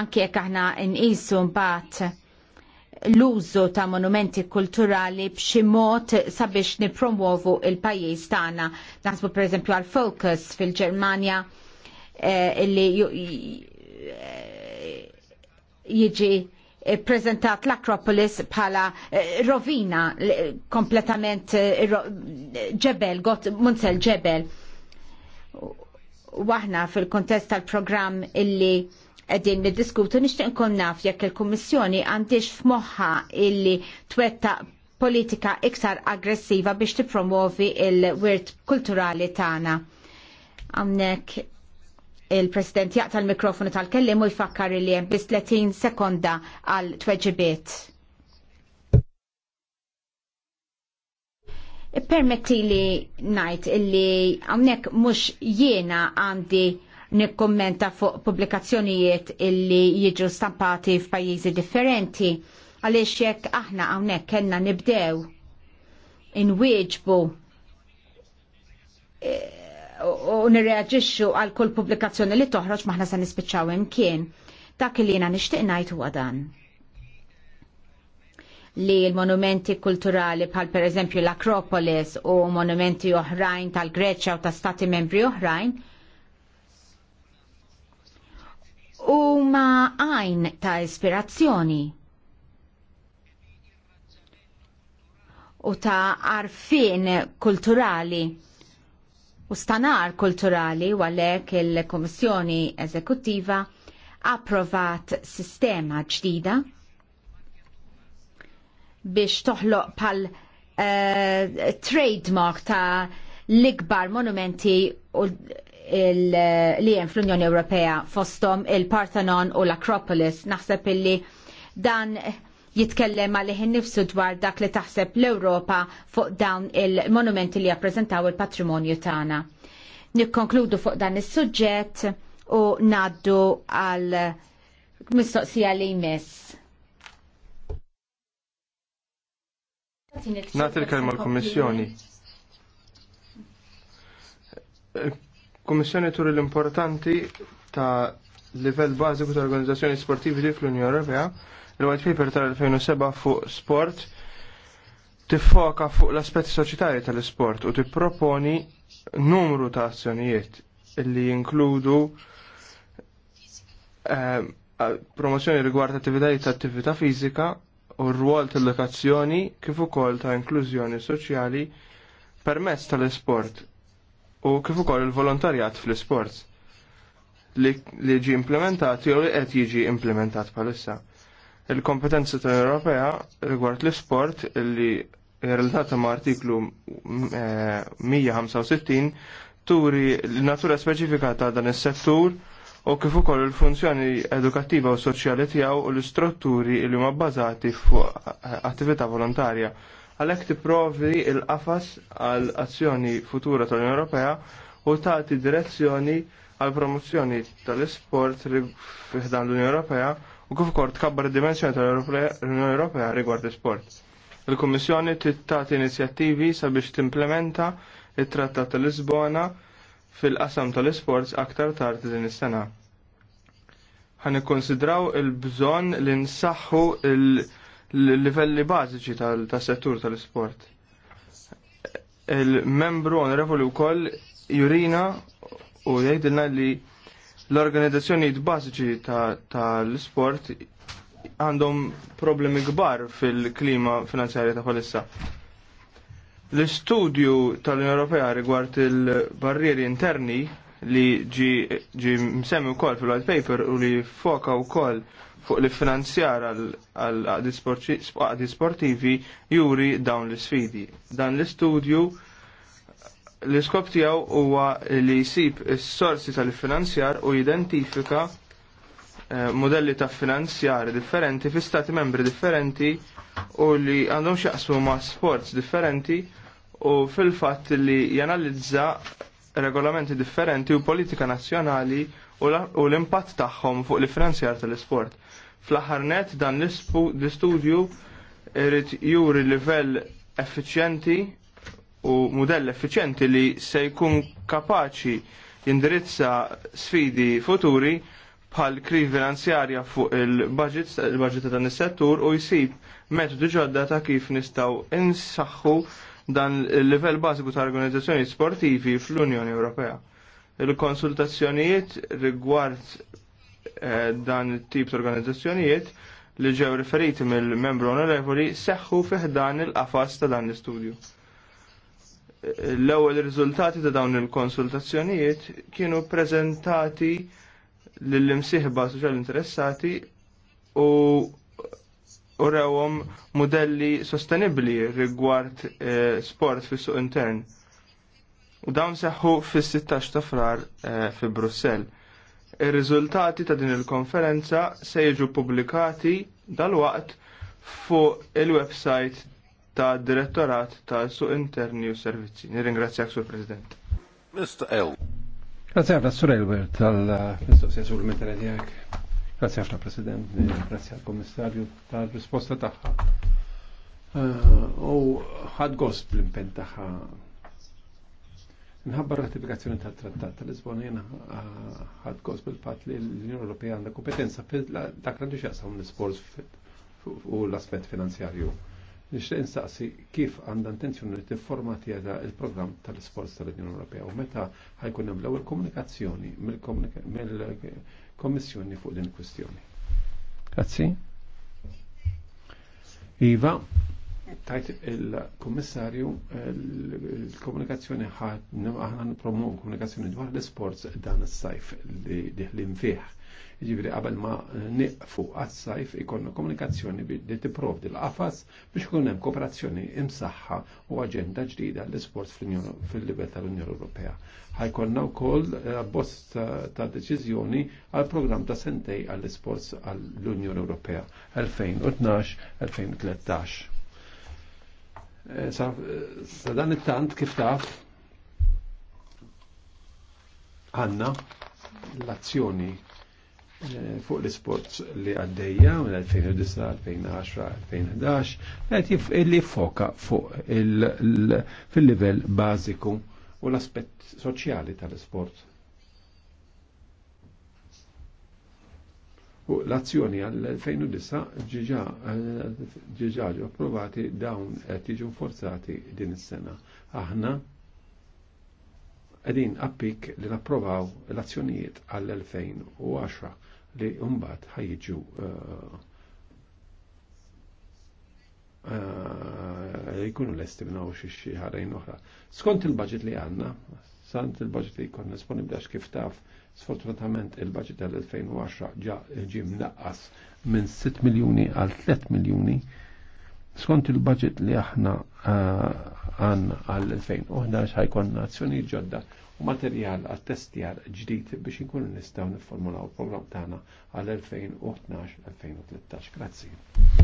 Anke jek aħna nqisu mbagħad l-użu ta' monumenti kulturali b'xi mod sabiex nipromuovu il-pajjiż tagħna. Nasbu pereżempju għal Focus fil-Ġermanja eh, li eh, jiġi Eh, prezentat l-Akropolis bħala eh, rovina eh, kompletament ġebel, got munzel ġebel. Waħna fil-kontest tal-programm illi għedin niddiskutu nishtiq nkun naf jekk il-Kummissjoni għandix f'moħħa illi twetta politika iktar aggressiva biex tipromuovi il-wirt kulturali tagħna. Għamnek il-President jaqta l-mikrofonu tal-kellim u jfakkar li hemm bis 30 sekonda għal tweġibiet. Permetti li najt illi għamnek mux jiena għandi nikkommenta fuq pubblikazzjonijiet illi jiġu stampati f'pajjiżi differenti għaliex jekk aħna hawnhekk kellna nibdew inwieġbu eh, u nirreagġixxu għal kull pubblikazzjoni li toħroġ maħna se nispiċċaw imkien. Dak li jiena nixtieq ngħid dan li l-monumenti kulturali bħal per eżempju l-Akropolis u monumenti oħrajn tal-Greċja u ta' stati membri oħrajn u ma' għajn ta' ispirazzjoni u ta' arfin kulturali u stanar kulturali u għalek il-Kummissjoni Eżekuttiva approvat sistema ġdida biex toħloq pal uh, trademark ta' l-ikbar monumenti u li jen fl-Unjoni Ewropea fostom il-Parthenon u l-Akropolis. Naħseb illi dan jitkellem għalih nifsu dwar dak li taħseb l-Ewropa fuq dawn il-monumenti li jappreżentaw il-patrimonju tagħna. Nikkonkludu fuq dan is-suġġett u naddu għal mistoqsija li jmiss. Nagħti l-kelma l-Kummissjoni. Kummissjoni tur l-importanti ta' livell bażiku ta' organizzazzjoni sportivi fl-Unjoni Ewropea Il-White Paper tal-2007 fuq sport tiffoka fuq l-aspetti soċjetali tal-sport u tipproponi numru ta' azzjonijiet li jinkludu eh, promozzjoni rigward attivitajiet ta' attività fizika u r-rwol tal lokazzjoni kif ukoll ta' inklużjoni soċjali permezz tal-sport u kif ukoll il-volontarjat fl-sport li ġi implementat jew li qed jiġi implementat bħalissa il-kompetenza ta' Ewropea rigward l-isport li relatata ma' artiklu 165 eh, turi l-natura speċifika ta' dan is-settur u kif ukoll il-funzjoni edukattiva u soċjali tiegħu u l-istrutturi li huma bbażati fuq attività volontarja. Għalhekk tipprovdi l-qafas għal azzjoni futura tal-Unjoni Ewropea u tagħti direzzjoni għal promozzjoni tal-isport fiħdan l-Unjoni Ewropea u kif ukoll tkabbar id-dimensjoni tal-Unjoni Ewropea rigward l-isport. Il-Kummissjoni tittat inizjattivi sabiex timplementa it-Trattat tal-Lisbona fil-qasam tal-isports aktar tard din is-sena. Ħan ikkonsidraw il-bżonn li nsaħħu il-livelli bażiċi tas-settur tal-isport. Il-membru onorevoli wkoll jurina u jgħidilna li l-organizzazzjoni bażiċi tal-sport ta għandhom problemi kbar fil-klima finanzjarja ta' palissa. L-istudju tal-Unjoni Ewropea rigward il-barrieri interni li ġi, ġi msemmi wkoll fil-white paper u li foka wkoll fuq li finanzjar għal-għadi sportivi juri dawn l-sfidi. Dan l-istudju L-iskop tiegħu huwa li jsib is-sorsi tal-finanzjar u jidentifika eh, modelli ta' finanzjar differenti fi stati membri differenti u li għandhom xaqsmu ma' sports differenti u fil-fatt li janalizza regolamenti differenti u politika nazzjonali u l-impatt tagħhom fuq li finanzjar tal-isport. Fl-aħħar net dan l-istudju irid juri livell effiċjenti u mudell effiċenti li se jkun kapaċi jindirizza sfidi futuri bħal kriv finanzjarja fuq il-budget il dan is settur u jsib metodi ġodda ta' kif nistgħu insaħħu dan il-livell bażiku ta' organizzazzjoni sportivi fl-Unjoni Ewropea. Il-konsultazzjonijiet rigward eh, dan it-tip ta' organizzazzjonijiet li ġew riferiti mill-membru onorevoli seħħu fih dan il-qafas ta' dan l-istudju l-ewwel riżultati ta' dawn il-konsultazzjonijiet kienu preżentati lill-imsieħba soċjali interessati u u rewhom modelli sostenibbli rigward eh, sport fis-suq intern. U dawn seħħu fis-16 ta' frar eh, fi Brussell. Ir-riżultati ta' din il-konferenza se jiġu pubblikati dalwaqt fuq il-website ta' Direttorat ta' su Interni u Servizzi. Nirringrazzjak, Sur President. Mr. L. Grazie a Sur Elbert, tal-mistoqsija sur l-metalja Grazie a President, e grazie al commissario tal-risposta taħħa. Uh, u ħad gosp l-impen taħħa Nħabba ratifikazzjoni tal trattat tal-Lisbona jena uh, ħad gosp bil-fat li l-Unjoni Ewropea għandha kompetenza fil dak l-għandu xaqsam l-sports u l-aspet finanzjarju. Nixtieq instaqsi kif għanda intenzjoni li tifformati għadha il-programm tal-isports tal-Unjoni Ewropea u meta ħajkun hemm l-ewwel komunikazzjoni mill-Kommissjoni fuq din il-kwistjoni. Grazzi. Iva, tajt il-Kummissarju l-komunikazzjoni ħadd aħna komunikazzjoni dwar l-isports dan is-sajf li diħlin fih Ġivri jiġifieri qabel ma niqfu għas-sajf ikonna komunikazzjoni li tipprovdi l-qafas biex ikun hemm kooperazzjoni imsaħħa u aġenda ġdida l-isport fil-livell tal-Unjoni Ewropea. Ħajkonna wkoll eh, bost ta' deċiżjoni għal programm ta' sentej għall-isports għall-Unjoni Ewropea 2012-2013. Eh, sa dan it-tant kif taf għanna l-azzjoni fuq l-sports li għaddejja minn 2009-2010-2011 għed li foka fuq fil-livell bażiku u l-aspett soċjali tal-sport. U l-azzjoni għal-2009 ġiġa ġiġa approvati dawn qed jiġu forzati din is-sena. Aħna qegħdin appik li napprovaw l-azzjonijiet għall-2010 li umbat ħajġu eh, eh, eh, jkunu l-estimnaw xie ħarajn uħra. Skont il-budget li għanna, sant il-budget li kon disponibli għax kif taf, sfortunatament il-budget tal-2010 ġa ġim naqqas minn 6 miljoni għal 3 miljoni. Skont il-budget li aħna għanna għal 2011 ħajkon nazzjoni ġodda u materjal għat-testjar ġdid biex inkunu nistgħu nifformulaw il-programm tagħna għal 2012-2013. Grazzi.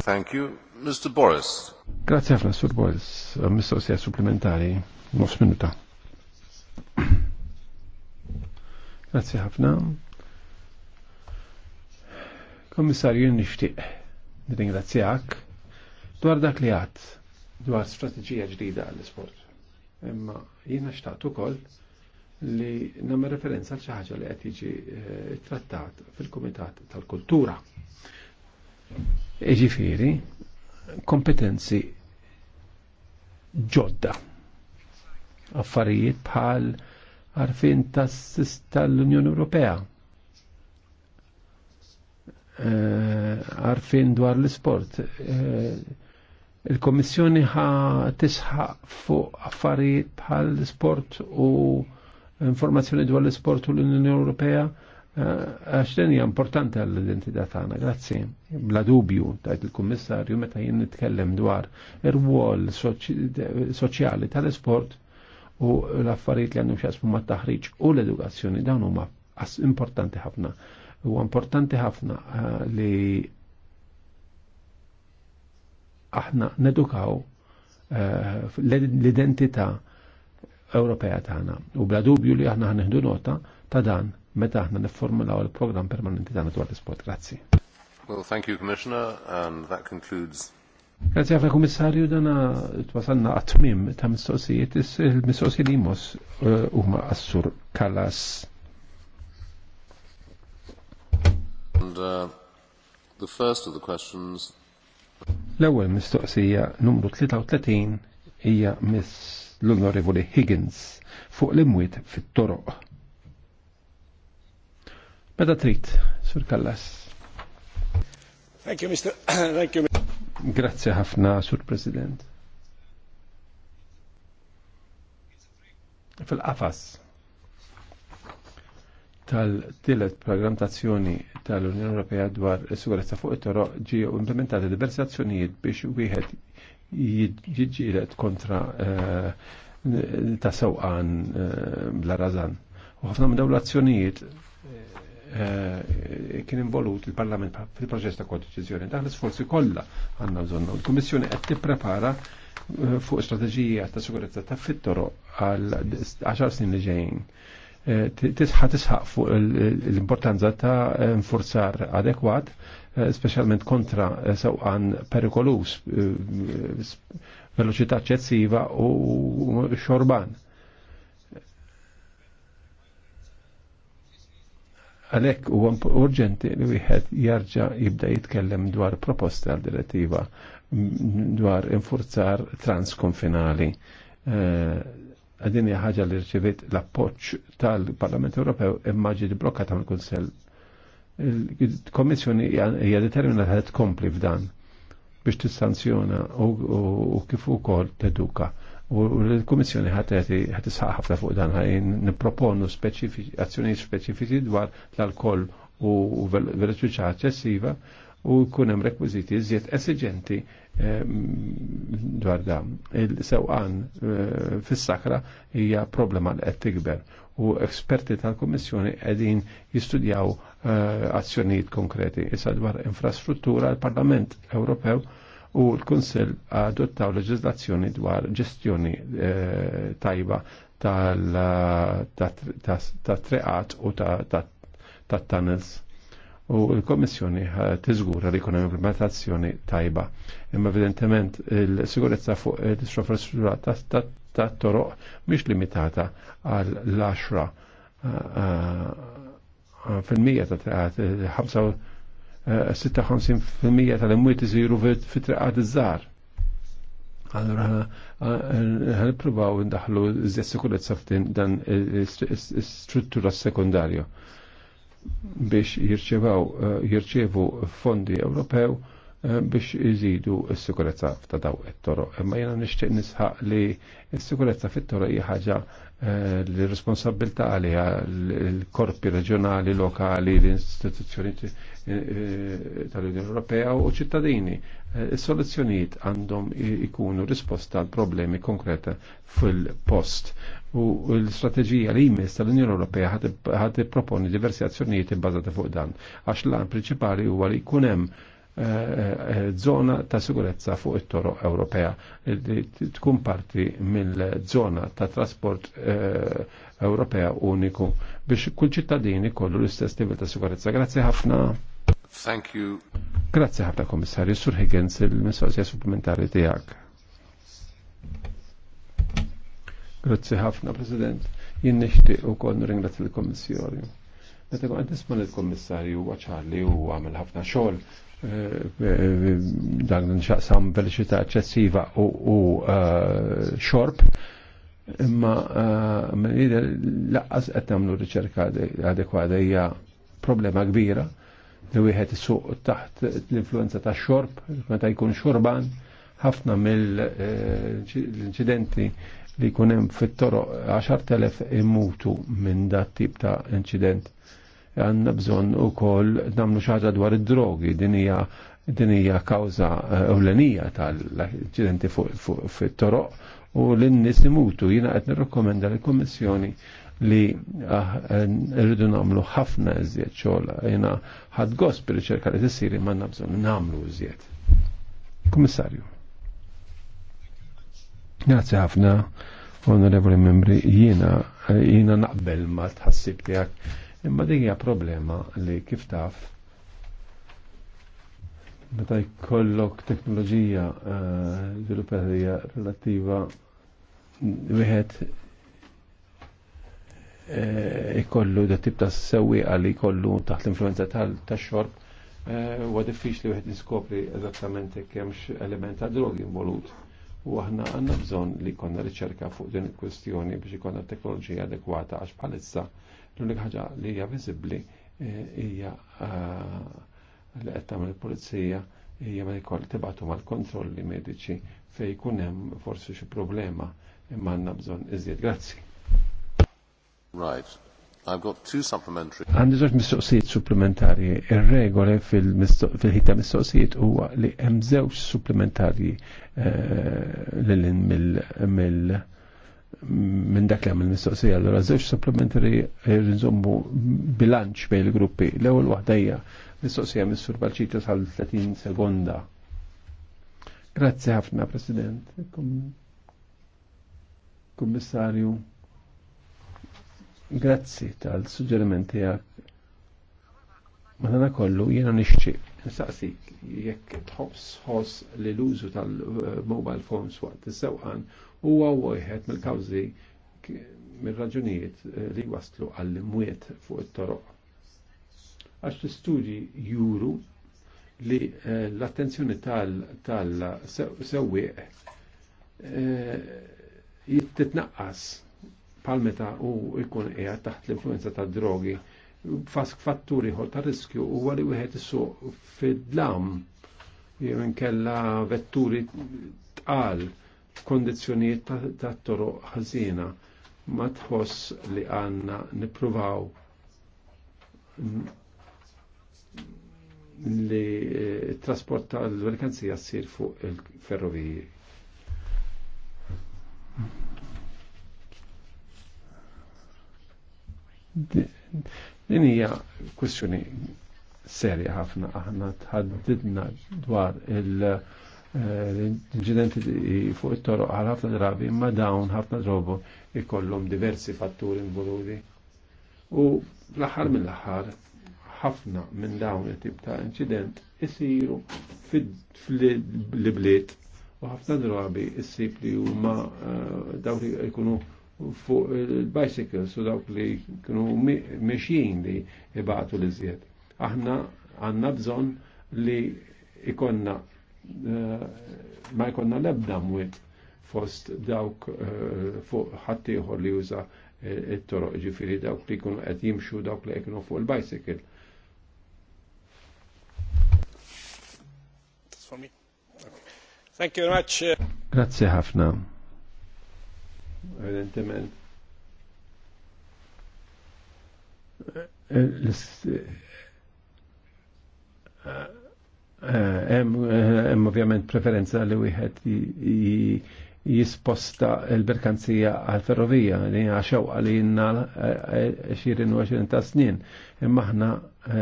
Thank you, Mr. Boris. Grazzi ħafna, Sur Boris, mistoqsija supplementari, nofs minuta. Grazzi ħafna. Kommissarju, nishtiq nirringrazzjak dwar dak li għad dwar strategija ġdida għall-isport. Imma jiena xtaqt ukoll li namma referenza għal xi ħaġa li qed jiġi eh, trattat fil-Kumitat tal-Kultura. Eġifieri, kompetenzi ġodda. Affarijiet bħal għarfin tas tal-Unjoni Ewropea. Eh, għarfin dwar l-sport. Eh, Il-Komissjoni ħa tisħaq fuq affarijiet bħal l-sport u informazzjoni dwar l-isport u l-Unjoni Ewropea eh, għax din hija importanti għall identità tagħna, grazzi. Bla dubju tajt il-Kummissarju meta jien nitkellem dwar ir-wol soċjali tal-isport u l-affarijiet li għandhom xasmu mat-taħriġ u l-edukazzjoni dawn huma importanti ħafna. Huwa importanti ħafna eh, li aħna nedukaw eh, l-identità Ewropea tagħna. U bla dubju li aħna ħneħdu nota ta' dan meta aħna nifformulaw il-programm permanenti tagħna dwar l-isport. Grazzi. Well, thank you, Commissioner, and that concludes Grazie għafna kummissarju, dana twasalna għatmim ta' mistoqsijiet il-mistoqsijiet li jimos eh, uħma assur kalas. And uh, the first of the questions L-ewwel mistoqsija numru 33 hija miss l-Onorevoli Higgins fuq l-imwiet fit-toroq. Meta trid, Sur Kallas. Thank you, Mr. Thank you. Grazie ħafna, Sur President. Fil-qafas tal-tielet tazzjoni tal-Unjoni Ewropea dwar is-sigurezza fuq it-toroq ġie implementati diversi azzjonijiet biex wieħed jiġġielet kontra eh, ta' sewqan eh, bla razan. U ħafna minn dawn l-azzjonijiet eh, kien involut il-Parlament fil-proċess ta' kodeċiżjoni. Daħ l isforzi kollha għandna bżonn. Il-Kummissjoni qed tipprepara fuq strateġija ta' sigurezza ta' fittoro għal 10 snin li ġejjin Eh, tisħa tisħaq fuq l-importanza ta' nfurzar adekwat, eh, specialment kontra eh, sewqan perikolus, veloċità ċessiva u xorban. Għalek u urġenti li wieħed jarġa jibda jitkellem dwar proposta direttiva dwar infurzar transkonfinali. Uh, Din hija ħaġa li rċivit l-appoġġ tal-Parlament Ewropew imma ġiet blokkata mill kunsel il komissjoni hija determinata li tkompli f'dan biex tissanzjona u kif ukoll teduka. U l-Komissjoni ħat isħaq ħafna fuq dan ħajn niproponu azzjoni speċifiċi dwar l-alkoll u veloċità eċċessiva u jkun hemm rekwiżiti iżjed esiġenti dwar dan. Il-sewqan fis-sakra hija problema li qed tikber u esperti tal-Kommissjoni qegħdin jistudjaw azzjonijiet konkreti. Issa dwar infrastruttura l-Parlament Ewropew u l-Kunsel adottaw leġislazzjoni dwar ġestjoni tajba tal-treqat u tat-tunnels u il komissjoni tiżgura li jkun implementazzjoni tajba. Imma evidentement il-sigurezza fuq il-sofressura ta' toroq mhix limitata għal l-10 fil-mija ta' triqat, 56% eh, fil-mija tal-imwiet iżiru fi triqat iż-żar. Allora għal eh, ħanipruvaw eh, ndaħlu iżjed sikurezza f'din dan struttura sekundarju biex eh, jirċevu fondi Ewropew eh, biex iżidu s-sikurezza ta' daw it-toro. Imma jena nixtieq nisħaq li s-sikurezza fit-toro hija ħaġa eh, li responsabilta għaliha l-korpi reġjonali, lokali, l-istituzzjoni tal-Unjoni Ewropea u ċittadini Eh, is-soluzzjonijiet għandhom ikunu risposta għal problemi konkreta fil-post. U l-strategija li jmiss tal-Unjoni Ewropea ħad proponi diversi azzjonijiet ibbażati fuq dan. Għax l-għan principali huwa li jkun hemm eh, eh, zona ta' sigurezza fuq it-toro Ewropea tkun parti mill-zona ta' trasport Ewropea uniku biex kull ċittadini kollu l-istess livell ta' sigurezza. Grazzi ħafna. Thank you. Grazie ħafna komissarju. Sur Higgins il-mistoqsija supplementari tiegħek. Grazie ħafna, President. Jien nixtieq ukoll nirringrazzja l-Kommissarju. Meta kont nisma' lill-Kommissarju ċarli u għamel ħafna xogħol eh, dak nxaqsam veloċità eċċessiva u eh, xorb imma eh, laqqas qed nagħmlu riċerka adekwata hija problema kbira li wieħed isuq taħt l-influenza ta' xorb, meta jkun xorban, ħafna mill-inċidenti li jkun hemm fit-toroq 10,000 immutu minn dat tip ta' inċident. Għandna bżonn ukoll nagħmlu xi ħaġa dwar id-drogi, din hija din hija kawża ewlenija tal-inċidenti fit-toroq u l-nies imutu. Jiena qed nirrakkomenda lill-Kummissjoni li ah, rridu namlu ħafna iżjed xogħla jiena ħadd gost bir-riċerka li tissir imma għandna bżonn nagħmlu iżjed. Kummissarju. Grazzi ħafna, onorevoli membri, jiena jiena naqbel ma tħassib tiegħek imma dik hija problema li kif taf meta jkollok teknoloġija eh, żviluppata uh, relattiva wieħed Eh, ikollu da tip ta' sewi għal ikollu taħt l-influenza tal-xorb eh, huwa diffiċli wieħed niskopri eżattament kemx element ta' drogi involut. U aħna għandna bżonn li jkollna riċerka fuq din il-kwestjoni biex ikonna teknoloġija adekwata għax bħalissa l-unika ħaġa li hija viżibbli eh, hija li qed tagħmel il-pulizija hija ma jkoll tibgħatu mal-kontrolli mediċi fejn jkun hemm forsi xi problema imma għandna bżonn iżjed. Grazzi. Right. I've got two supplementary. Għandi żewġ mistoqsijiet supplementari. Ir-regole fil-ħita mistoqsijiet huwa li hemm żewġ supplementari eh, lil mill minn dak li għamil mistoqsija, allora żewġ supplementari rinżommu bilanċ bejn il-gruppi. L-ewwel waħda hija mistoqsija mis-sur Balċita sal 30 sekonda. Grazzi ħafna, President. Kummissarju. Grazzi tal-suġġerimenti għak. Madana kollu jena nixċi. Nsaqsi, jekk tħoss li l-użu tal-mobile phones waqt is-sewqan huwa wieħed mill-kawżi mir-raġunijiet li waslu għall-imwiet fuq it-toroq. Għax l studi juru li eh, l-attenzjoni tal-sewwieq eh, jitnaqqas bħal meta u jkun eħa taħt l-influenza ta' drogi fask fatturi ħol ta' riskju u għali wieħed issuq fid-dlam jew kella vetturi tqal kondizjoniet ta' toro ħażina ma tħoss li għanna nippruvaw li e, trasporta l verkanzija s-sir fuq il-ferroviji. Din hija kwestjoni serja ħafna aħna tħaddidna dwar l eh, inċidenti fuq it toru għal ħafna drabi imma dawn ħafna drobu ikollhom diversi fatturi involuti. U l-aħħar mill-aħħar ħafna minn dawn it-tip ta' inċident isiru fil-bliet u ħafna drabi issib li huma eh, dawk ikunu fuq il-bicycles u dawk li kienu mexjin li ibaqtu li zjed. Aħna għanna bżon li ikonna eh, ma ikonna lebda mwit fost dawk eh, fuq ħattijħor li juża il-toro ġifiri dawk li kienu għed jimxu dawk li kienu fuq il-bicycle. Thank you very much. Grazie ħafna evidentement eh, eh, eh, hemm ovvjament preferenza li wieħed jisposta l-berkanzija għal ferrovija li għaxew li jinna 20 u ta' snin. Imma aħna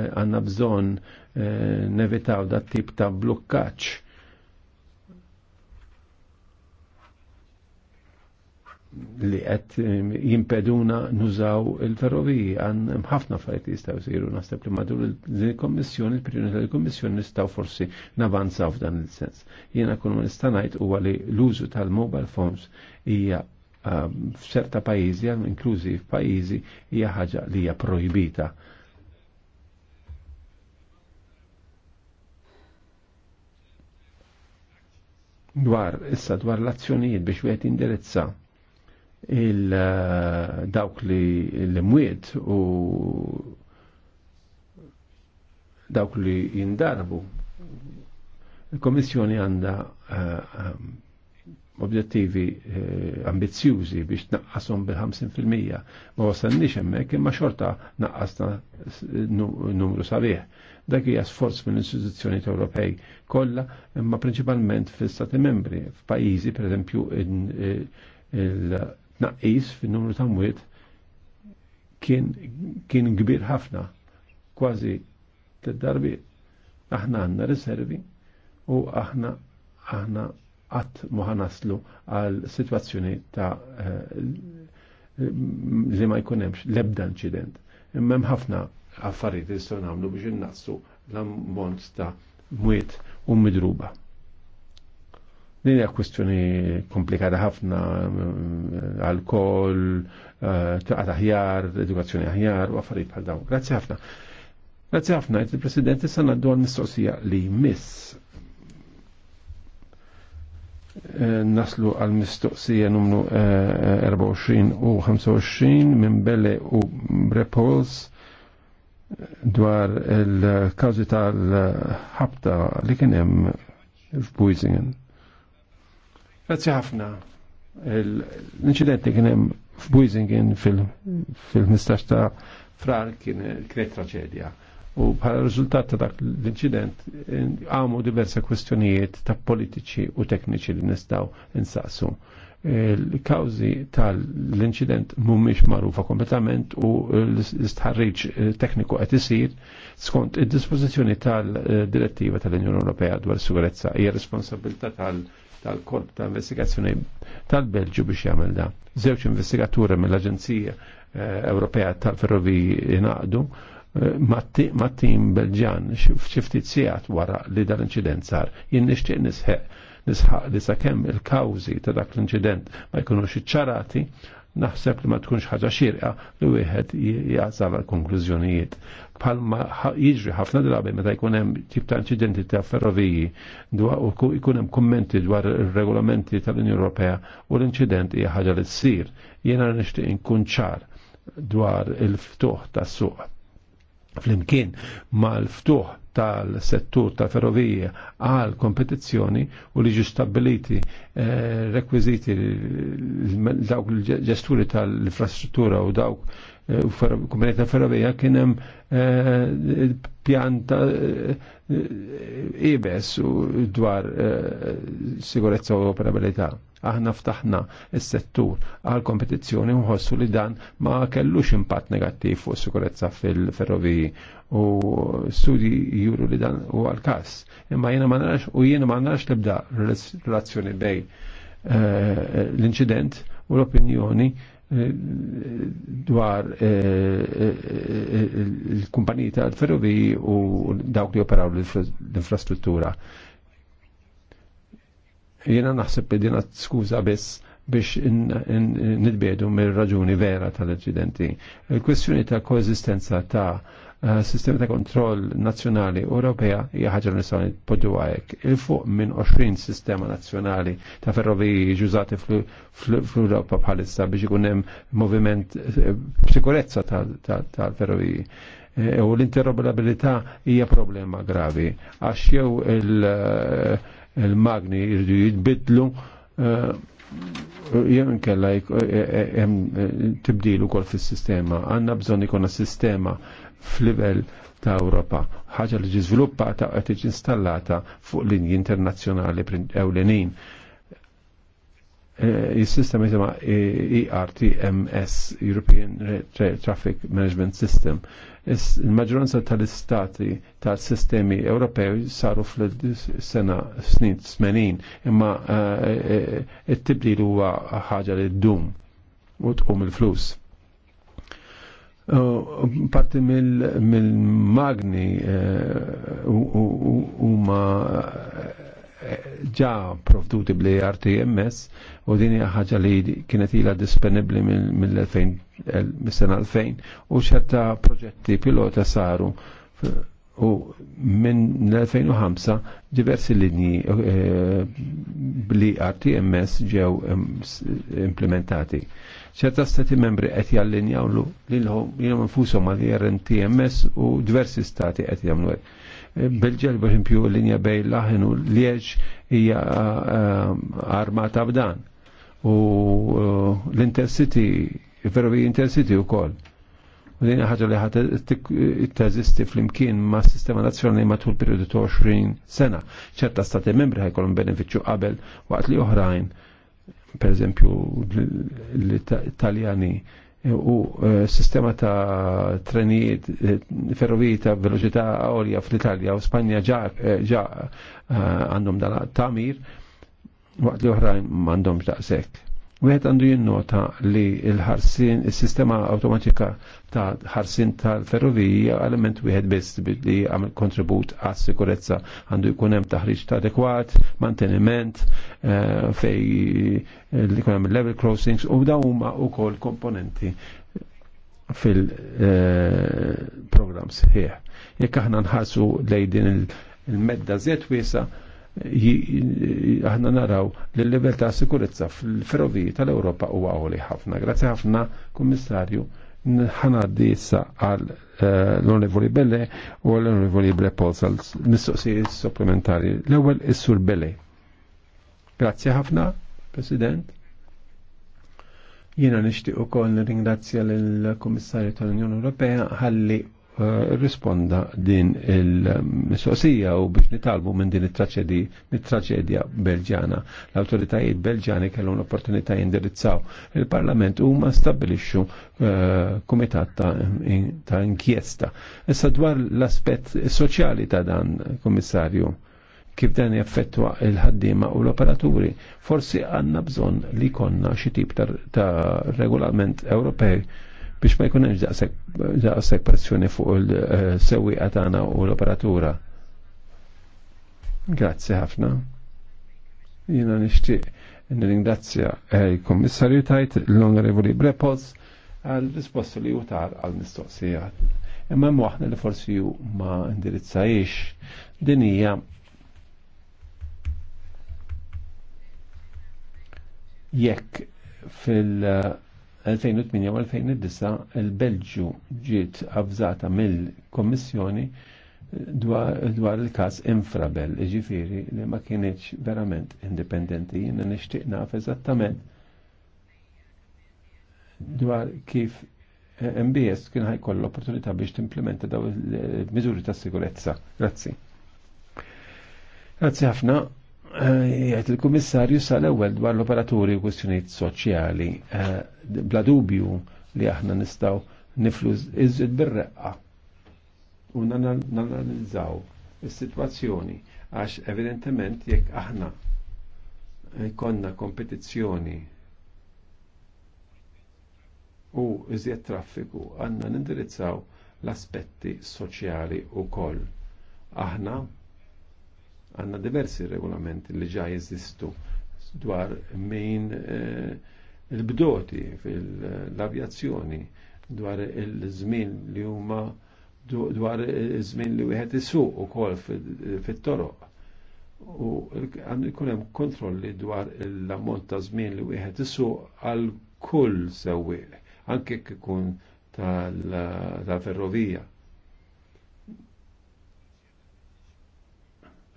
għandna bżonn nevitaw dat tip ta' blukkaċ li qed jimpeduna nużaw il-ferroviji għan ħafna fajti jistaw siru nastab li madur il-kommissjoni, il-perjoni tal-kommissjoni nistaw forsi navanzaw f'dan il-sens. Jiena kun ma nistanajt u għali l-użu tal-mobile phones hija eh, f'ċerta pajjiżi, inklużi f'pajjiżi, hija ħaġa li hija projbita. Dwar, issa dwar l-azzjonijiet biex wieħed indirizza il-dawk eh, li l mwiet u dawk li jindarbu. Il-Komissjoni għanda eh, eh, obiettivi ambizjużi biex naqqasom bil-50%. Ma wasannix hemmhekk imma xorta naqqasna numru sabiħ. Dak hija sforz minn istituzzjoni Ewropej kollha, imma prinċipalment fl-Stati membri, f'pajjiżi pereżempju tnaqqis fin-numru ta' mwiet kien kien kbir ħafna kważi t-darbi aħna għanna riservi u aħna aħna għat muħanaslu għal situazzjoni ta' eh, li ma jkunemx lebda incident. Immem ħafna affarijiet li nagħmlu biex innaqsu l-ammont ta' mwiet u midruba. Din hija kwistjoni komplikata ħafna alkohol, eh, taqat aħjar, edukazzjoni aħjar u affarijiet bħal dawn. Grazzi ħafna. Grazzi ħafna, il-President issa ngħaddu għal mistoqsija li miss. Eh, naslu għal mistoqsija numru 24 eh, u 25 minn Belle u Brepols dwar il-kawzi tal-ħabta li kienem f'Buizingen. Grazzi ħafna. L-incident li kien hemm f'Buizingen fil-15 ta' frar kien traċedja. U bħala riżultat ta' dak l-incident għamu diversa kwestjonijiet ta' politiċi u tekniċi li nistaw insaqsu. Il-kawzi tal-incident mumiex marufa kompletament u l-istħarriġ tekniku qed isir skont id-dispożizzjoni tal-direttiva tal-Unjoni Ewropea dwar sigurezza hija responsabilità tal-, -tal tal-Korp ta' Investigazzjoni tal-Belġu biex jagħmel da. Żewġ investigaturi mill-Aġenzija eh, Ewropea tal-Ferroviji jingħaqdu eh, mat-tim Belġan f'ċiftit sigħat wara li dan l inċident sar. Jien nixtieq nisħeq nisħaq li sakemm il-kawżi ta' dak l-inċident ma jkunux iċċarati, naħseb li ma tkunx ħaġa xirqa li wieħed jaqsal għal-konklużjonijiet. Palma jiġri ħafna drabi meta jkun hemm tip ta' inċidenti ta' ferroviji dwar u jkun hemm kummenti dwar ir-regolamenti tal-Unjoni Ewropea u l-inċident hija ħaġa li ssir. Jiena nixtieq inkun ċar dwar il-ftuħ tas-suq flimkien ma l-ftuħ tal-settur ta' ferrovija għal kompetizzjoni u li ġustabiliti eh, rekwiziti dawk l-ġesturi tal-infrastruttura u dawk eh, kumpanija ferrovija kien hemm eh, pjanta ta' ibes dwar sigurezza u operabilità aħna ftaħna s-settur għal kompetizzjoni uħossu li dan ma kellux impatt negattiv fuq sikurezza fil-ferroviji u studi juru li dan u għal-kas. Imma jena ma narax u jena ma narax tibda relazzjoni bej eh, l-incident u l-opinjoni eh, dwar il-kumpaniji eh, tal-ferroviji u dawk li operaw l-infrastruttura. Jena naħseb li dina skuza biss biex nidbedu mir raġuni vera tal-inċidenti. Il-kwestjoni ta' koesistenza ta' eh, sistema ta' kontroll nazzjonali Ewropea hija ħaġa li nistgħu nippoġġu għajek. Il-fuq minn 20 sistema nazzjonali ta' ferroviji ġużati fl-Ewropa bħalissa biex ikun hemm moviment b'sikurezza eh, tal-ferroviji. Eh, u l-interoperabilità hija problema gravi għax jew il- il-magni jridu jitbidlu eh, jem kella eh, eh, tibdilu kol fil-sistema. Għanna bżon ikona sistema fl-level ta' Europa. ħaġa li ġizviluppata għet installata fuq linji internazzjonali ewlenin. Il-sistema jisema ERTMS, e European Traffic Management System. Il-maġġoranza tal-istati tal-sistemi Ewropew saru fl-sena snin 80 imma eh, eh, it-tibdil huwa ħaġa li ddum u tqum il-flus. Eh, parti mill-magni huma ġa provduti bli RTMS u dini ħaġa li kienet ila disponibbli mill-2000 mis-sena 2000 u ċerta proġetti pilota saru u minn l-2005 diversi linji bli eh, RTMS ġew implementati. ċerta stati membri qed jallinjaw l-ilhom nfusom għal RTMS u diversi stati qed jagħmlu eh, Belġel, per esempio, linja bej laħin u lieġ hija eh, armata b'dan. U l-Intercity il-ferroviji intensity u kol. U dini ħaġa li ħat tazisti fl-imkien ma' sistema nazzjonali matul periodu ta' 20 sena. ċerta stati membri ħajkolhom beneficju qabel waqt li oħrajn, per eżempju l-Italjani u e, sistema ta' trenijiet e, ferroviji ta' veloċità għolja fl-Italja u Spanja ġa e, għandhom dan tamir waqt li oħrajn m'għandhomx daqshekk Wieħed għandu jinnota li il-ħarsin, il-sistema automatika ta' ħarsin tal-ferrovija element wieħed biss li għamil kontribut għas sikurezza għandu jkun hemm taħriġ ta' adekwat, manteniment, eh, fej eh, li jkun hemm level crossings u dawn huma wkoll komponenti fil-programs eh, ħieħ. Jekk aħna nħarsu lejn din il-medda zed wiesa' aħna naraw li l-level ta' sikurezza fil-ferroviji tal europa huwa għoli ħafna. Grazzi ħafna, Kummissarju, ħanaddi issa għal eh, l-Onorevoli Belle u l-Onorevoli Belle Polsal mistoqsijiet supplementari. L-ewwel is-Sur Belle. Grazzi ħafna, President. Jiena nixtieq ukoll nirringrazzja lill-Kummissarju tal-Unjoni Ewropea ħalli Eh, risponda din il-mistoqsija u biex nitalbu minn din it-traċedja belġana. L-autoritajiet belġani kellu l-opportunità jindirizzaw il-parlament u ma stabilixxu eh, kumitat ta' inkjesta. Issa dwar l-aspett soċjali ta' dan, komissarju, kif dan jaffettwa il-ħaddima u l-operaturi, forsi għanna bżon li konna xi tip ta' regolament Ewropej biex ma jkunx daqshekk pressjoni fuq il-sewwieqa tagħna u l-operatura. Grazzi ħafna. Jiena nixtieq nirringrazzja eh, il-Kummissarju tajt l-Onorevoli Brepos, għal risposti li jutar għal mistoqsijat. Imma hemm waħda li forsi ju ma indirizzajiex din hija jekk fil- uh, 2008 u 2009 il-Belġu ġiet avżata mill-Kommissjoni dwar il-kas infrabel, ġifiri li ma kienieċ verament indipendenti, jina nishtiq naf eżattament dwar kif MBS kien ħajkoll l-opportunità biex timplementa daw il-miżuri ta' sigurezza Grazzi. Grazzi ħafna jgħet il-Kummissarju sal-ewwel dwar l-operaturi u kwistjonijiet soċjali. Eh, bla dubju li aħna nistgħu niflu iżid bir-reqqa u nanalizzaw is-sitwazzjoni għax evidentement jekk aħna jkollna kompetizzjoni u iżjed traffiku għandna nindirizzaw l-aspetti soċjali u koll. Aħna Għanna diversi regolamenti li ġa jeżistu dwar min eh, il-bdoti fil-avjazzjoni dwar il-żmien li huma dwar iż-żmien li wieħed isuq ukoll fit-toroq. U għandu jkun hemm kontrolli dwar l-ammont ta' żmien li wieħed isuq għal kull sewwieq, anke jekk ikun tal-ferrovija.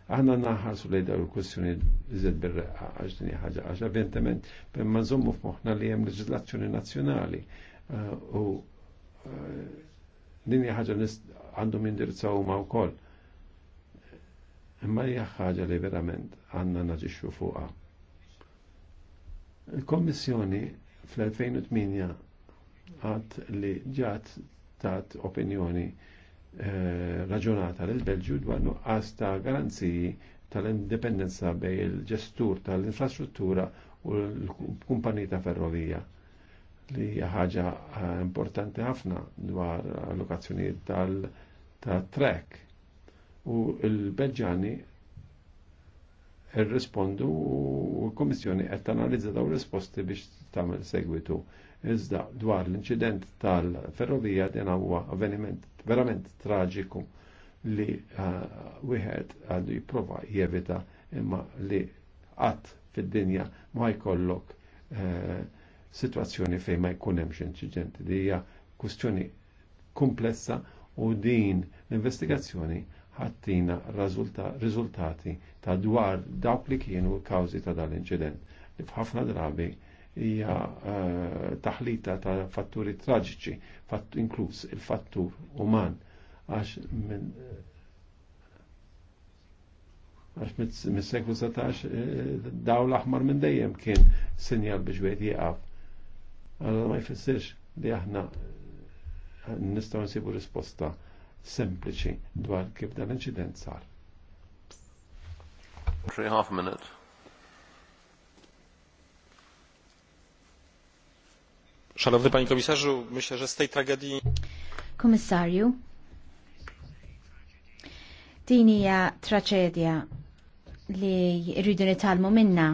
Aħna naħarsu li dawn il-kwestjoni iżed bil reqqa għax din ħaġa għax eventament ma nżommu f'moħħna li hemm leġislazzjoni nazzjonali eh, u eh, dinja hija ħaġa għandhom jindirizzaw ma wkoll. Imma hija ħaġa li verament għandna naġixxu fuqha. Il-Kommissjoni fl-2008 għad li ġat tat opinjoni Eh, raġunata l belġju dwar nuqqas ta' garanziji tal-indipendenza bej il-ġestur tal-infrastruttura u l-kumpanija ta' ferrovija li hija ħaġa eh, importanti ħafna dwar allokazzjonijiet tal-trek. U l-Belġani irrispondu u l-Komissjoni qed tanalizza daw risposti biex tagħmel segwitu. Iżda dwar l-inċident tal-ferrovija din huwa avveniment verament traġiku li uh, wieħed għandu jipprova jevita imma li qatt fid-dinja ma jkollok uh, situazzjoni fejn ma jkun hemm inċident li hija kwistjoni komplessa u din l-investigazzjoni ħattina riżultati ta' dwar dawk li kienu kawżi ta' dal-inċident f'ħafna drabi hija eh, taħlita ta' fatturi traġiċi, inkluż il-fattur uman, għax minn eh, għax mis-seklu 17 eh, daw l-aħmar minn dejjem kien sinjal biex wieħed jieqaf. Allora ma jfissirx li aħna nistgħu nsibu risposta sempliċi dwar kif dan l-inċident sar. Three half a minute. Szanowny Panie Komisarzu, myślę, że z tej tragedii... Komisarju, din hija traċedja li rridu nitalmu minna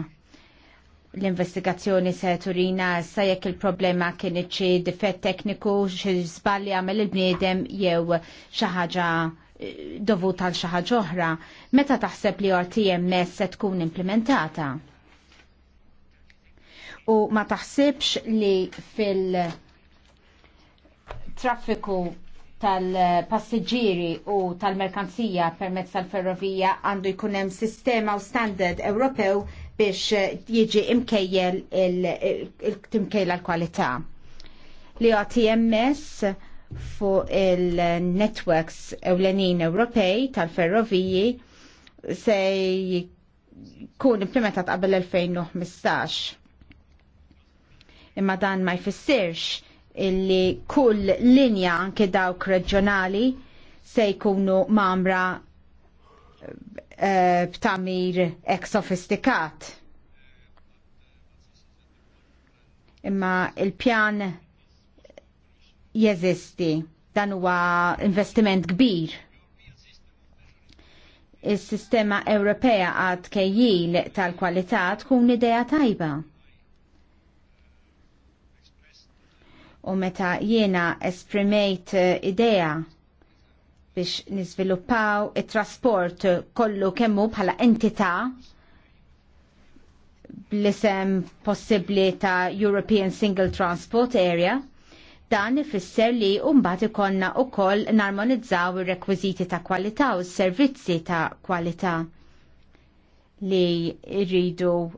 l-investigazzjoni se turina sa jekk il-problema kien xi difett tekniku, xi żballi għamel il-bniedem jew xi ħaġa eh, dovuta għal xi ħaġa oħra. Meta taħseb li RTMS se tkun implementata? u ma taħsibx li fil traffiku tal-passiġġieri u tal-merkanzija permezz tal-ferrovija għandu jkun hemm sistema u standard Ewropew biex jiġi imkejjel il-timkejla l-kwalità. Li TMS fuq il-networks ewlenin Ewropej tal-ferroviji se jkun implementat qabel 2015 imma dan ma jfissirx illi kull linja anke dawk reġjonali se jkunu mamra eh, b'tamir ek sofistikat. Imma il-pjan jeżisti dan huwa investiment kbir. Is-sistema Ewropea għad kejjil tal-kwalità tkun idea tajba. u meta jiena esprimejt eh, idea biex nizviluppaw it-trasport kollu kemmu bħala entità bl-isem possibbli ta' European Single Transport Area, dan ifisser li mbagħad ikonna wkoll narmonizzaw ir-rekwiżiti ta' kwalità u s-servizzi ta' kwalità li irridu uh,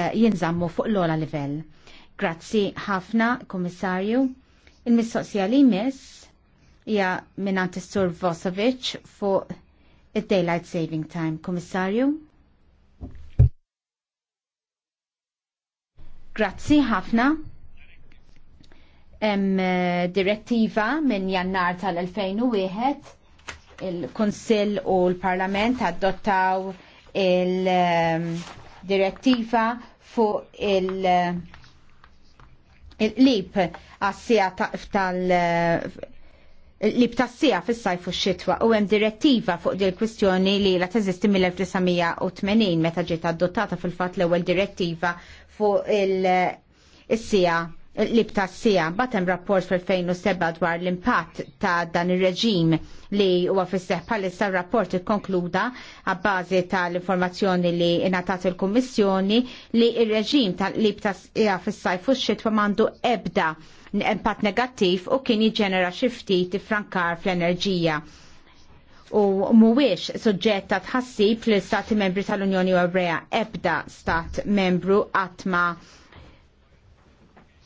eh, jinżammu fuq l-ola livell. Grazzi ħafna, Komissarju. Il-mistoqsija li miss hija minn is-Sur Vosovic fuq id-Daylight Saving Time, Komissarju. Grazzi ħafna. Hemm eh, direttiva minn Jannar tal-2001 il-Kunsill u l-Parlament adottaw il-direttiva eh, fuq il-, -direttiva eh, fu il il-qlib għassija sija tal li btassija fis-sajf u x-xitwa u hemm direttiva fuq dil kwistjoni li la teżisti mill-1980 meta ġiet adottata fil-fatt l-ewwel direttiva fuq il-sija li b'tassija, batem rapport fil-2007 dwar l-impatt ta' dan il-reġim li huwa fisseħ palissa rapport ikkonkluda għabbażi ta' l-informazzjoni li inatat il-Kommissjoni li il-reġim ta' li b'tassija fis-sajf u x-xitwa mandu ebda impatt negattiv u kien jiġenera xifti tifrankar fl-enerġija u mhuwiex suġġetta ta' tħassib fl-Stati membri tal-Unjoni Ewropea ebda stat membru għatma'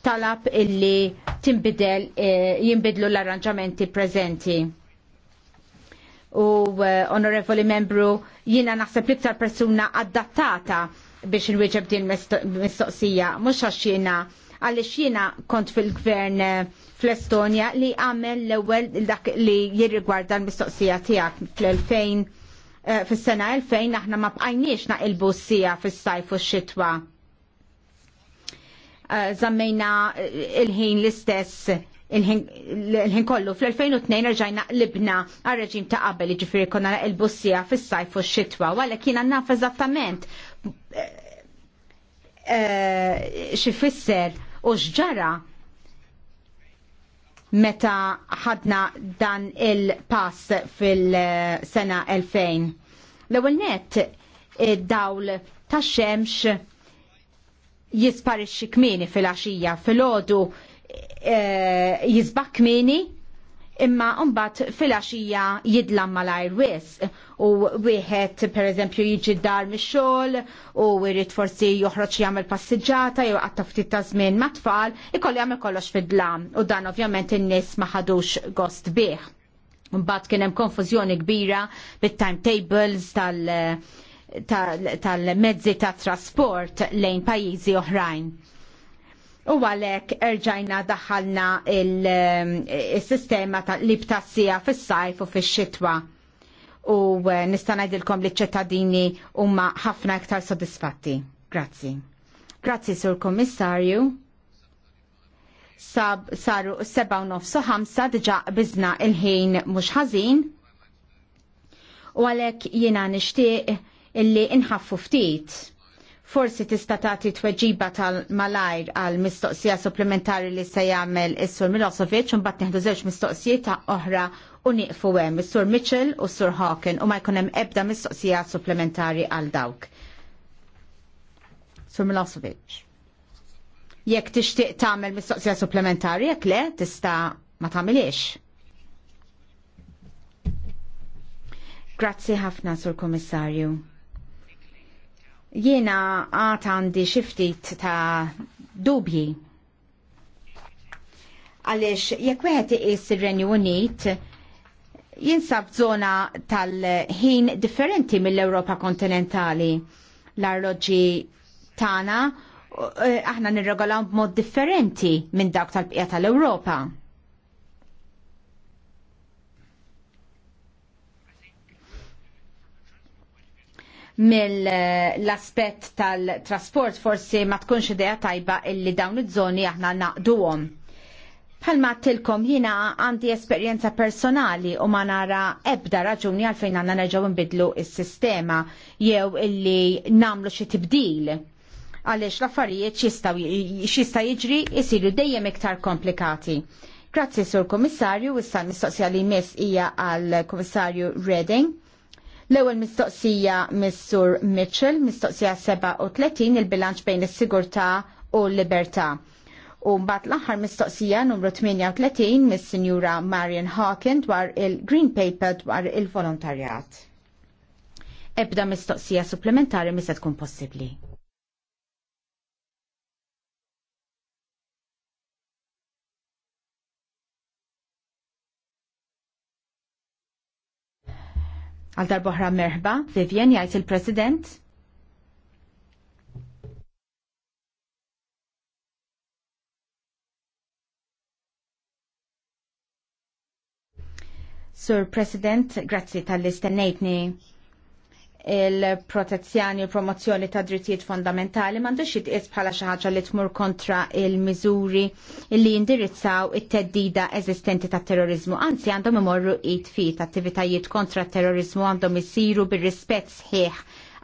talab illi timbidel eh, jinbidlu l-arranġamenti prezenti. U eh, onorevoli membru, jina naħseb liktar persuna adattata biex nwieġeb din mistoqsija, mux għax jina għalix jina kont fil-gvern eh, fl-Estonja li għamel l-ewel dak li jirrigwarda l-mistoqsija tijak fl-2000 fil-sena 2000 aħna ma bqajniex naqilbu s-sija fil-sajf u x-xitwa. Eh, zammejna eh, il-ħin l-istess il-ħin kollu fl-2002 rġajna libna għal reġim ta' qabel ġifiri konna il-bussija fis-sajf u x-xitwa għalek kiena naf eżattament eh, xifisser u xġara meta ħadna dan il-pass fil-sena 2000. L-ewwel net id-dawl tax-xemx jisparixxi kmieni fil-għaxija fil-ħodu eh, jisbak kmini kmieni imma mbagħad fil-għaxija jidlam malajr wis u wieħed pereżempju jiġi dar mix-xogħol u jrid forsi joħroġ jagħmel passiġġata jew qatta ftit ta' żmien ma' tfal ikollu jagħmel kollox fid-dlam u dan ovvjament in-nies ma ħadux gost bih. Mbagħad kien hemm konfużjoni kbira bit-timetables tal- uh, tal-mezzi ta' trasport lejn pajjiżi oħrajn. U għalek erġajna daħalna ehm, il-sistema ta' li b'tassija fis-sajf u fix-xitwa. U eh, nista' ngħidilkom li ċ-ċittadini huma ħafna iktar sodisfatti. Grazzi. Grazzi Sur Kommissarju sab saru seba' nofsu diġa bizna il-ħin mhux ħażin. U għalhekk jiena nixtieq illi inħaffu ftit. Forsi tista' tagħti tweġiba tal-malajr għal mistoqsija supplementari li se jagħmel is-Sur Milosovic u mbagħad neħdu żewġ mistoqsijiet ta' oħra u nieqfu hemm is-Sur Mitchell u s-Sur Hawken u ma jkun hemm ebda mistoqsija supplementari għal dawk. Sur Milosovic. Jekk tixtieq tagħmel mistoqsija supplementari jekk le tista' ma tagħmilx. Grazzi ħafna, Sur Komissarju. Jiena għat għandi xiftit ta' dubji. Għalix, jekk wieħed iqis renju Unit, jinsab zona tal-ħin differenti mill-Europa kontinentali. L-arloġi tana, eh, aħna nirregolaw b'mod differenti minn dawk tal-bqija tal-Europa. tal bqija tal ewropa mill-aspett tal-trasport forsi ma tkunx idea tajba illi dawn iż-żoni aħna naqduhom. Bħalma tilkom jina għandi esperjenza personali u ma nara ebda raġuni għalfejn għanna nerġgħu nbidlu s sistema jew illi namlu xi tibdil għaliex l-affarijiet xista jiġri jisiru dejjem iktar komplikati. Grazzi sur komissarju, issa mistoqsija li mis hija għal komissarju Reding. L-ewwel mistoqsija mis-Sur Mitchell, mistoqsija 37 il-bilanċ bejn is-sigurtà u l-libertà. U mbagħad l-aħħar mistoqsija numru 38 mis-Sinjura Marian Hawkins dwar il-Green Paper dwar il-volontarjat. Ebda mistoqsija supplementari mis tkun possibbli. Għal darboħra merħba, Vivien jgħid il-President. Sur President, grazzi tal-istennejtni il-protezzjoni u il promozzjoni ta' drittijiet fondamentali m'għandux jitqies bħala xi ħaġa li tmur kontra il-miżuri li jindirizzaw it-teddida eżistenti ta' terrorizmu. Anzi għandhom imorru id fit attivitajiet kontra terrorizmu għandhom isiru bir-rispett sħiħ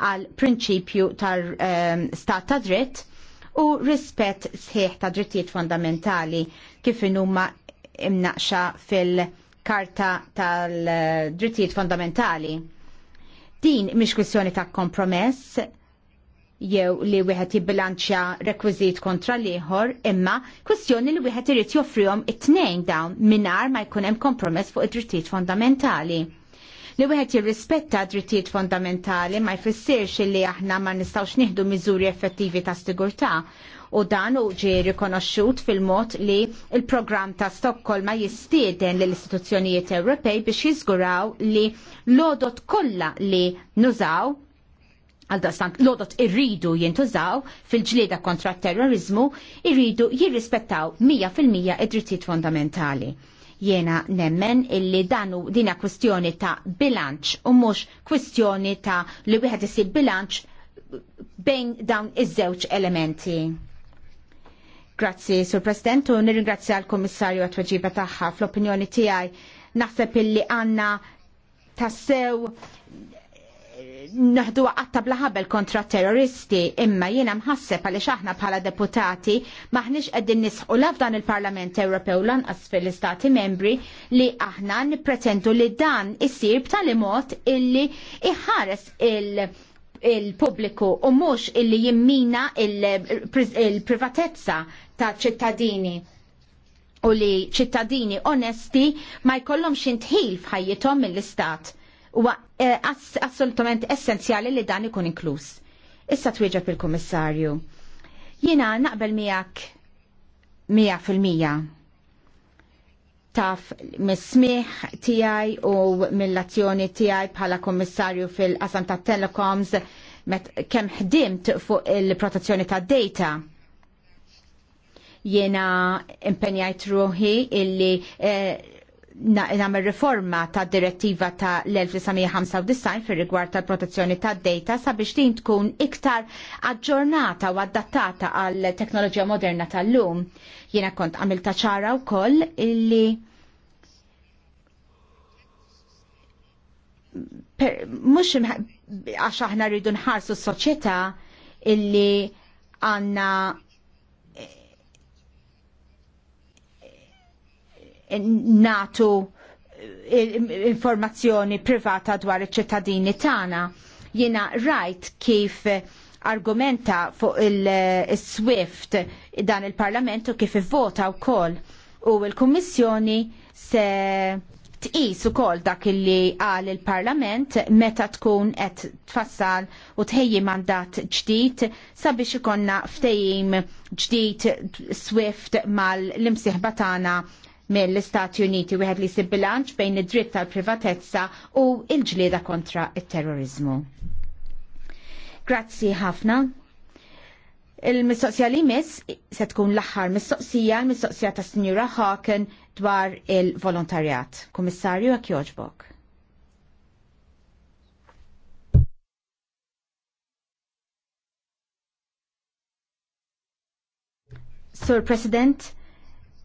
għal prinċipju tal-stat ehm, ta' dritt u rispett sħiħ ta' drittijiet fondamentali kif inhuma imnaqxa fil-Karta tal-Drittijiet Fondamentali Din mhix kwestjoni ta' kompromess jew li wieħed jibbilanċja rekwiżit kontra l-ieħor, imma kwestjoni li wieħed irid joffrihom it-tnejn dawn mingħajr ma jkun hemm kompromess fuq id-drittijiet fondamentali li wieħed jirrispetta drittijiet fondamentali ma jfissirx li aħna ma nistgħux nieħdu miżuri effettivi ta' sigurtà u dan u ġi rikonoxxut fil-mod li l programm ta' Stokkolma jistieden lill istituzzjonijiet Ewropej biex jiżguraw li l-odot kollha li nużaw għaldaqstant l-odot irridu jintużaw fil-ġlieda kontra t terrorizmu irridu jirrispettaw 100% id-drittijiet fondamentali. Jena nemmen illi danu dina kwestjoni ta' bilanċ u mux kwestjoni ta' li wieħed isib bilanċ bejn dawn iż-żewġ elementi. Grazzi, Sur President, u nirringrazzja l-Komissarju għat-tweġiba tagħha fl-opinjoni tiegħi. Naħseb illi għandna tassew naħdu għatta blaħabel kontra terroristi imma jiena mħasseb għaliex aħna bħala deputati maħniex qegħdin nisħu laf dan il-Parlament Ewropew lanqas fil-Istati membri li aħna nippretendu li dan issir b'tali mod illi iħares -il il-pubbliku u mhux illi jimmina il-privatezza ta' ċittadini u li ċittadini onesti ma jkollhomx intħil f'ħajjithom mill-istat. Huwa eh, assolutament essenzjali li dan ikun inkluż. Issa twieġeb il-Kummissarju. Jiena naqbel miegħek mija fil-mija taf mis-smiħ tijaj u mill-azzjoni tijaj bħala kommissarju fil-qasam ta' telecoms met kem ħdimt fuq il-protezzjoni ta' data jena impenjajt ruħi illi eh, nagħmel riforma ta' direttiva ta' l-1995 fir rigward tal-protezzjoni ta' data sabiex din tkun iktar aġġornata u adattata għal teknoloġija moderna tal-lum. Jiena kont għamil ta' ċara wkoll illi Mhux mux għax aħna rridu nħarsu s-soċieta illi għanna natu eh, informazzjoni privata dwar iċ-ċittadini tagħna. Jiena rajt kif argumenta fuq il-Swift eh, dan il-Parlament u kif ivvota wkoll u l-Kummissjoni se tqis ukoll dak li qal il-Parlament meta tkun qed tfassal u tħejji mandat ġdid sabiex ikonna ftehim ġdid Swift mal-imsieħba tagħna mill-Istati Uniti wieħed li jsib bilanċ bejn id-dritt tal-privatezza u l-ġlieda kontra it-terrorizmu. Grazzi ħafna. Il-mistoqsija li miss se tkun l-aħħar mistoqsija, l-mistoqsija ta' Sinjura Hawken dwar il-volontarjat. Kummissarju għak joġbok. Sur President,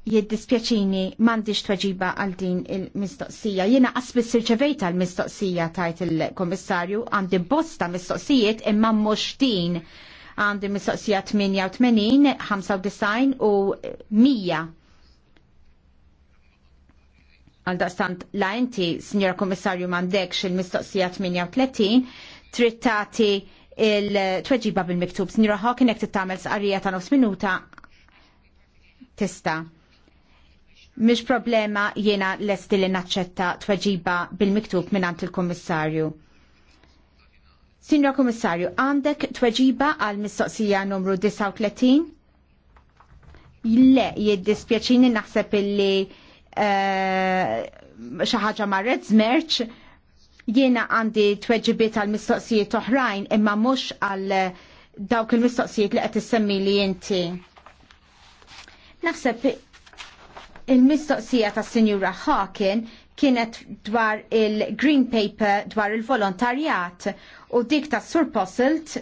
jiddispjaċini mandiġ tweġiba għal din il-mistoqsija. Jena qasbis sirċevejta għal mistoqsija tajt il-komissarju għandi bosta mistoqsijiet imma mux din għandi mistoqsija 88, 95 u 100. Għal daqstant la inti, signor komissarju, mandekx il-mistoqsija 38, trittati il-tweġiba bil-miktub. Signora Hawking, jek tittamel sqarrija ta' nofs minuta, tista' Mish problema jiena lesti li naċċetta tweġiba bil-miktub minant il komissarju Signor Komissarju, għandek tweġiba għal mistoqsija numru 39? Le, jiddispjaċini naħseb illi eh, xaħġa marret zmerċ, jiena għandi tweġibiet għal mistoqsijiet oħrajn imma mux għal dawk il-mistoqsijiet li qed semmi li inti. Naħseb Il-mistoqsija ta' Sinjura Hawken kienet dwar il-Green Paper dwar il-volontarjat u dik ta' Sur Posselt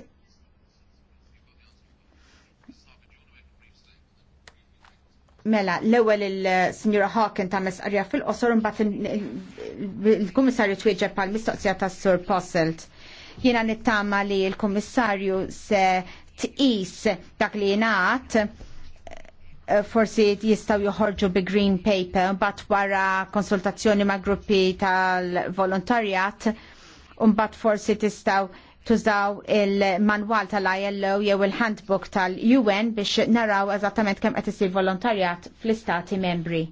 Mela, l-ewel il-Signora Hawken ta' mesqarja fil-qosor mbagħad il-Kummissarju twieġeb pal mistoqsija tas Sur Posselt. Jiena nittama li l-Kummissarju se tqis dak li jingħad Eh, forsi jistaw joħorġu bi green paper mbagħad wara konsultazzjoni ma' gruppi tal-volontarjat mbagħad forsi tistaw tużaw il-manwal tal-ILO jew il-handbook tal-UN biex naraw eżattament kemm qed isir volontarjat fl-istati membri.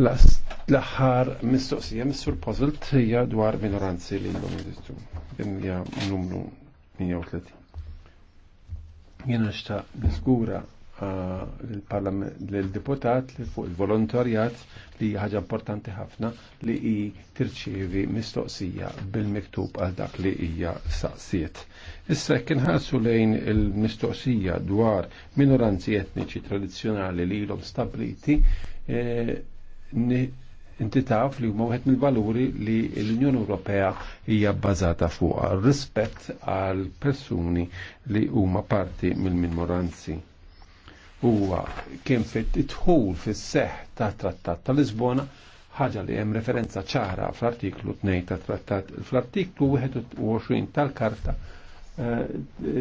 L-aħħar mistoqsija missur puzzle tija dwar minoranzi li l-lum jizistu. Hija numru 130. Jena xta niżgura eh, l-deputat li fuq il-volontarjat li ħaġa importanti ħafna li i tirċievi mistoqsija bil-miktub għal dak li hija saqsiet. Issa jekk ħassu lejn il-mistoqsija dwar minoranzi etniċi tradizzjonali li ilhom stabliti eh, inti taf li huma wieħed mill-valuri li l-Unjoni Ewropea hija bbażata fuq rispett għal persuni li huma parti mill-minoranzi. Huwa kien fit idħul fis-seħħ ta' Trattat ta' Lisbona ħaġa li hemm referenza ċara fl-artiklu 2 ta' Trattat fl-artiklu 21 tal-Karta Eh,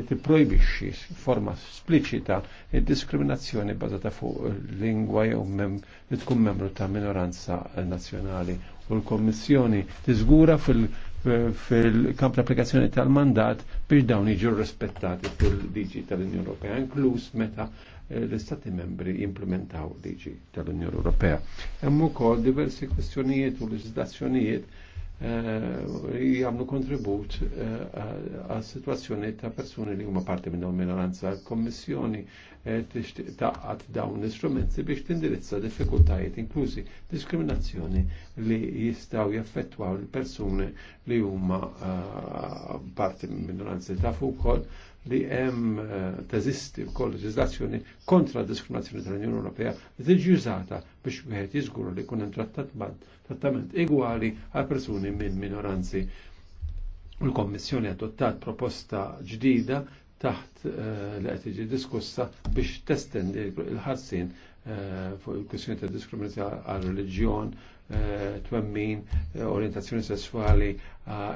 tipprojbixxi forma spliċita id-diskriminazzjoni bbażata fuq lingwa jew li tkun membru ta' minoranza nazzjonali u l-Kommissjoni tiżgura fil-kamp l-applikazzjoni tal-mandat biex dawn jiġu rispettati fil-liġi tal-Unjoni Ewropea, inkluż meta eh, l-Istati membri jimplementaw liġi tal-Unjoni Ewropea. Hemm ukoll diversi kwistjonijiet u leġislazzjonijiet Eh, jgħamlu kontribut eh, għal situazzjoni ta' persuni li huma parti minn minoranza. L-Kommissjoni eh, tixtieq taqqat dawn l-istrumenti biex tindirizza diffikultajiet inklusi diskriminazzjoni li jistaw jaffettwaw l-persuni li huma parti minn minoranza. ta' wkoll li hemm eh, teżisti wkoll leġiżlazzjoni kontra diskriminazzjoni tal-Unjoni Ewropea li tiġi użata biex wieħed jiżgur li jkun hemm trattament igwali għal persuni minn minoranzi. Il-Kommissjoni adottat proposta ġdida taħt eh, li qed tiġi diskussa biex testendi l ħassin eh, fuq il-kwestjoni ta' diskriminazzjoni għal reliġjon, twemmin, orientazzjoni sessuali,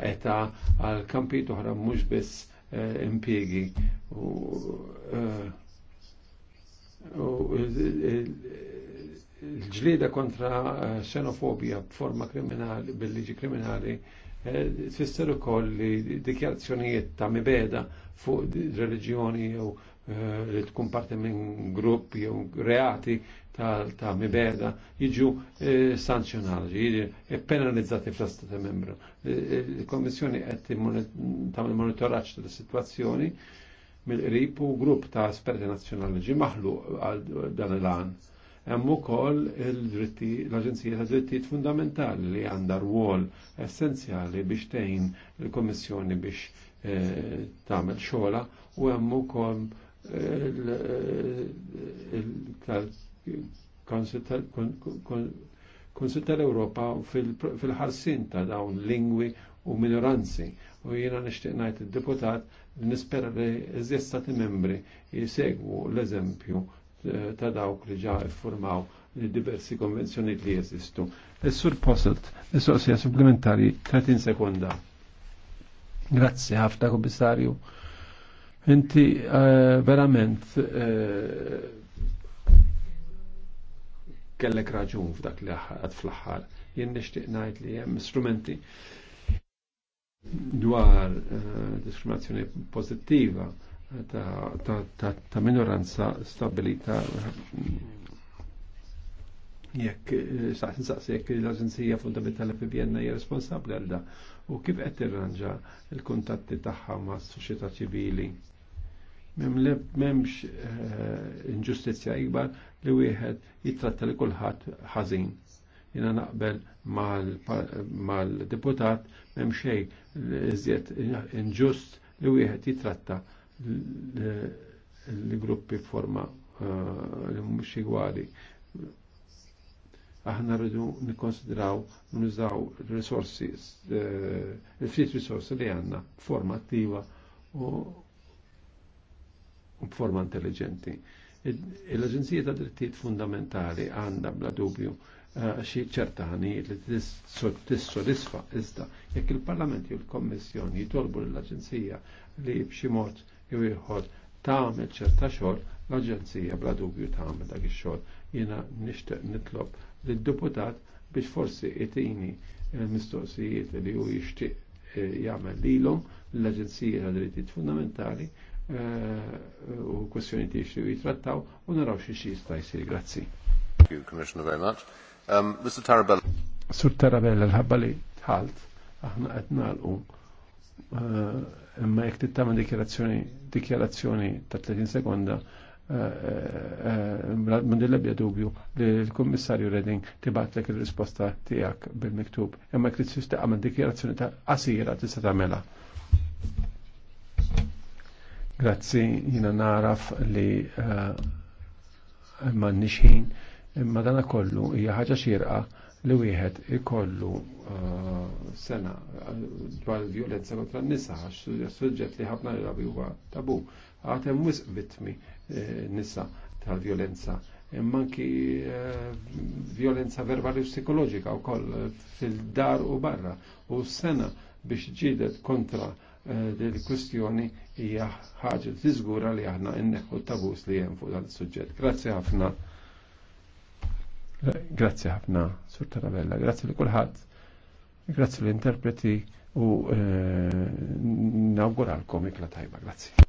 età, għal kampi oħra mhux biss Eh, impiegi u eh, eh, l ġlida kontra xenofobija b'forma kriminali, bil-liġi kriminali, tfisser ukoll li dikjarazzjonijiet ta' mibeda fuq reliġjoni jew li tkun parti minn gruppi jew reati ta' mibeda jiġu eh, sanzjonati, jiġu eh, penalizzati fl-Stati membru. Eh, Il-Kommissjoni qed tagħmel monitoraġġ ta' situazzjoni mill-qrib u grupp ta' esperti nazzjonali ġi maħluq għal dan il-għan. Hemm ukoll l-Aġenzija ta' Drittijiet Fundamentali li għandha rwol essenzjali biex tgħin il-Kommissjoni biex tagħmel xogħla u hemm ukoll konsulta l europa fil-ħarsin ta' dawn lingwi u minoranzi. U jiena nishtiqnajt il deputat nispera li eżistati membri jisegwu l-eżempju eh, ta' dawk li ġa iffurmaw li diversi konvenzjoni li jesistu. Is-sur Posselt, is sosja supplementari 30 sekonda. Grazie, ħafta, Komissarju. Inti eh, verament eh, kellek raġun f'dak li għad fl-axħar. Jien nixtieq ngħid li hemm strumenti dwar eh, diskriminazzjoni pożittiva ta' minoranza stabilita jekk eh, saqsin saqsi jekk l-Aġenzija Fundamentali PBN hija responsabbli għal da u kif qed tirranġa l-kuntatti tagħha mas-soċjetà ċivili memx eh, inġustizja ikbar li wieħed jitratta li kulħadd ħażin. Jiena naqbel mal-deputat m'hemm xejn iżjed inġust li wieħed jitratta l-gruppi forma eh, li mhumiex igwali. Aħna rridu nikkonsidraw nużaw risorsi, eh, il fit risorsi li għandna forma attiva u b'forma intelligenti. L-Aġenzija ta' Drittijiet Fundamentali għandha bla dubju eh, xi ħanijiet li tissodisfa iżda jekk il-Parlament jew il-Kommissjoni jitolbu l-Aġenzija li b'xi mod jew ieħor tagħmel ċerta xogħol, l-Aġenzija bla dubju tagħmel dak ix-xogħol. Jiena nixtieq nitlob lid-deputat biex forsi itini l-mistoqsijiet li hu jixtieq eh, jagħmel lilhom l-Aġenzija ta' Drittijiet Fundamentali Eh, u kwestjoni li jixtiju jitrattaw u naraw xie xie sta jisir, Grazzi. Thank you, Commissioner, very much. Um, Mr. Tarabella. Sur Tarabella, l-ħabba li tħalt, aħna għetna l-u, eh, imma jek tittama dikjarazzjoni dikjarazzjoni ta' 30 sekonda eh, minn dil-lebja dubju li l-Kummissarju Redding tibatlek il-risposta tijak bil-miktub. Imma jekk tista' dikjarazzjoni ta' asira tista' tagħmelha. Grazzi, jina naraf li uh, ma nixħin, imma dana kollu hija ħaġa xirqa li wieħed ikollu uh, sena dwar violenza kontra n-nisa għax suġġett li ħafna li rabi huwa tabu. Għatem wisq vitmi eh, nisa tal-violenza imma anki uh, violenza verbali u psikoloġika u koll fil-dar u barra u sena biex ġidet kontra uh, dedi eh, kwestjoni hija ħaġa tiżgura li aħna inneħħu tabus li hemm fuq dan is-suġġett. Grazzi ħafna. Eh, grazzi ħafna, Sur Tarabella, grazzi li kulħadd. Grazzi l-interpreti u eh, nawguralkom ikla tajba, grazzi.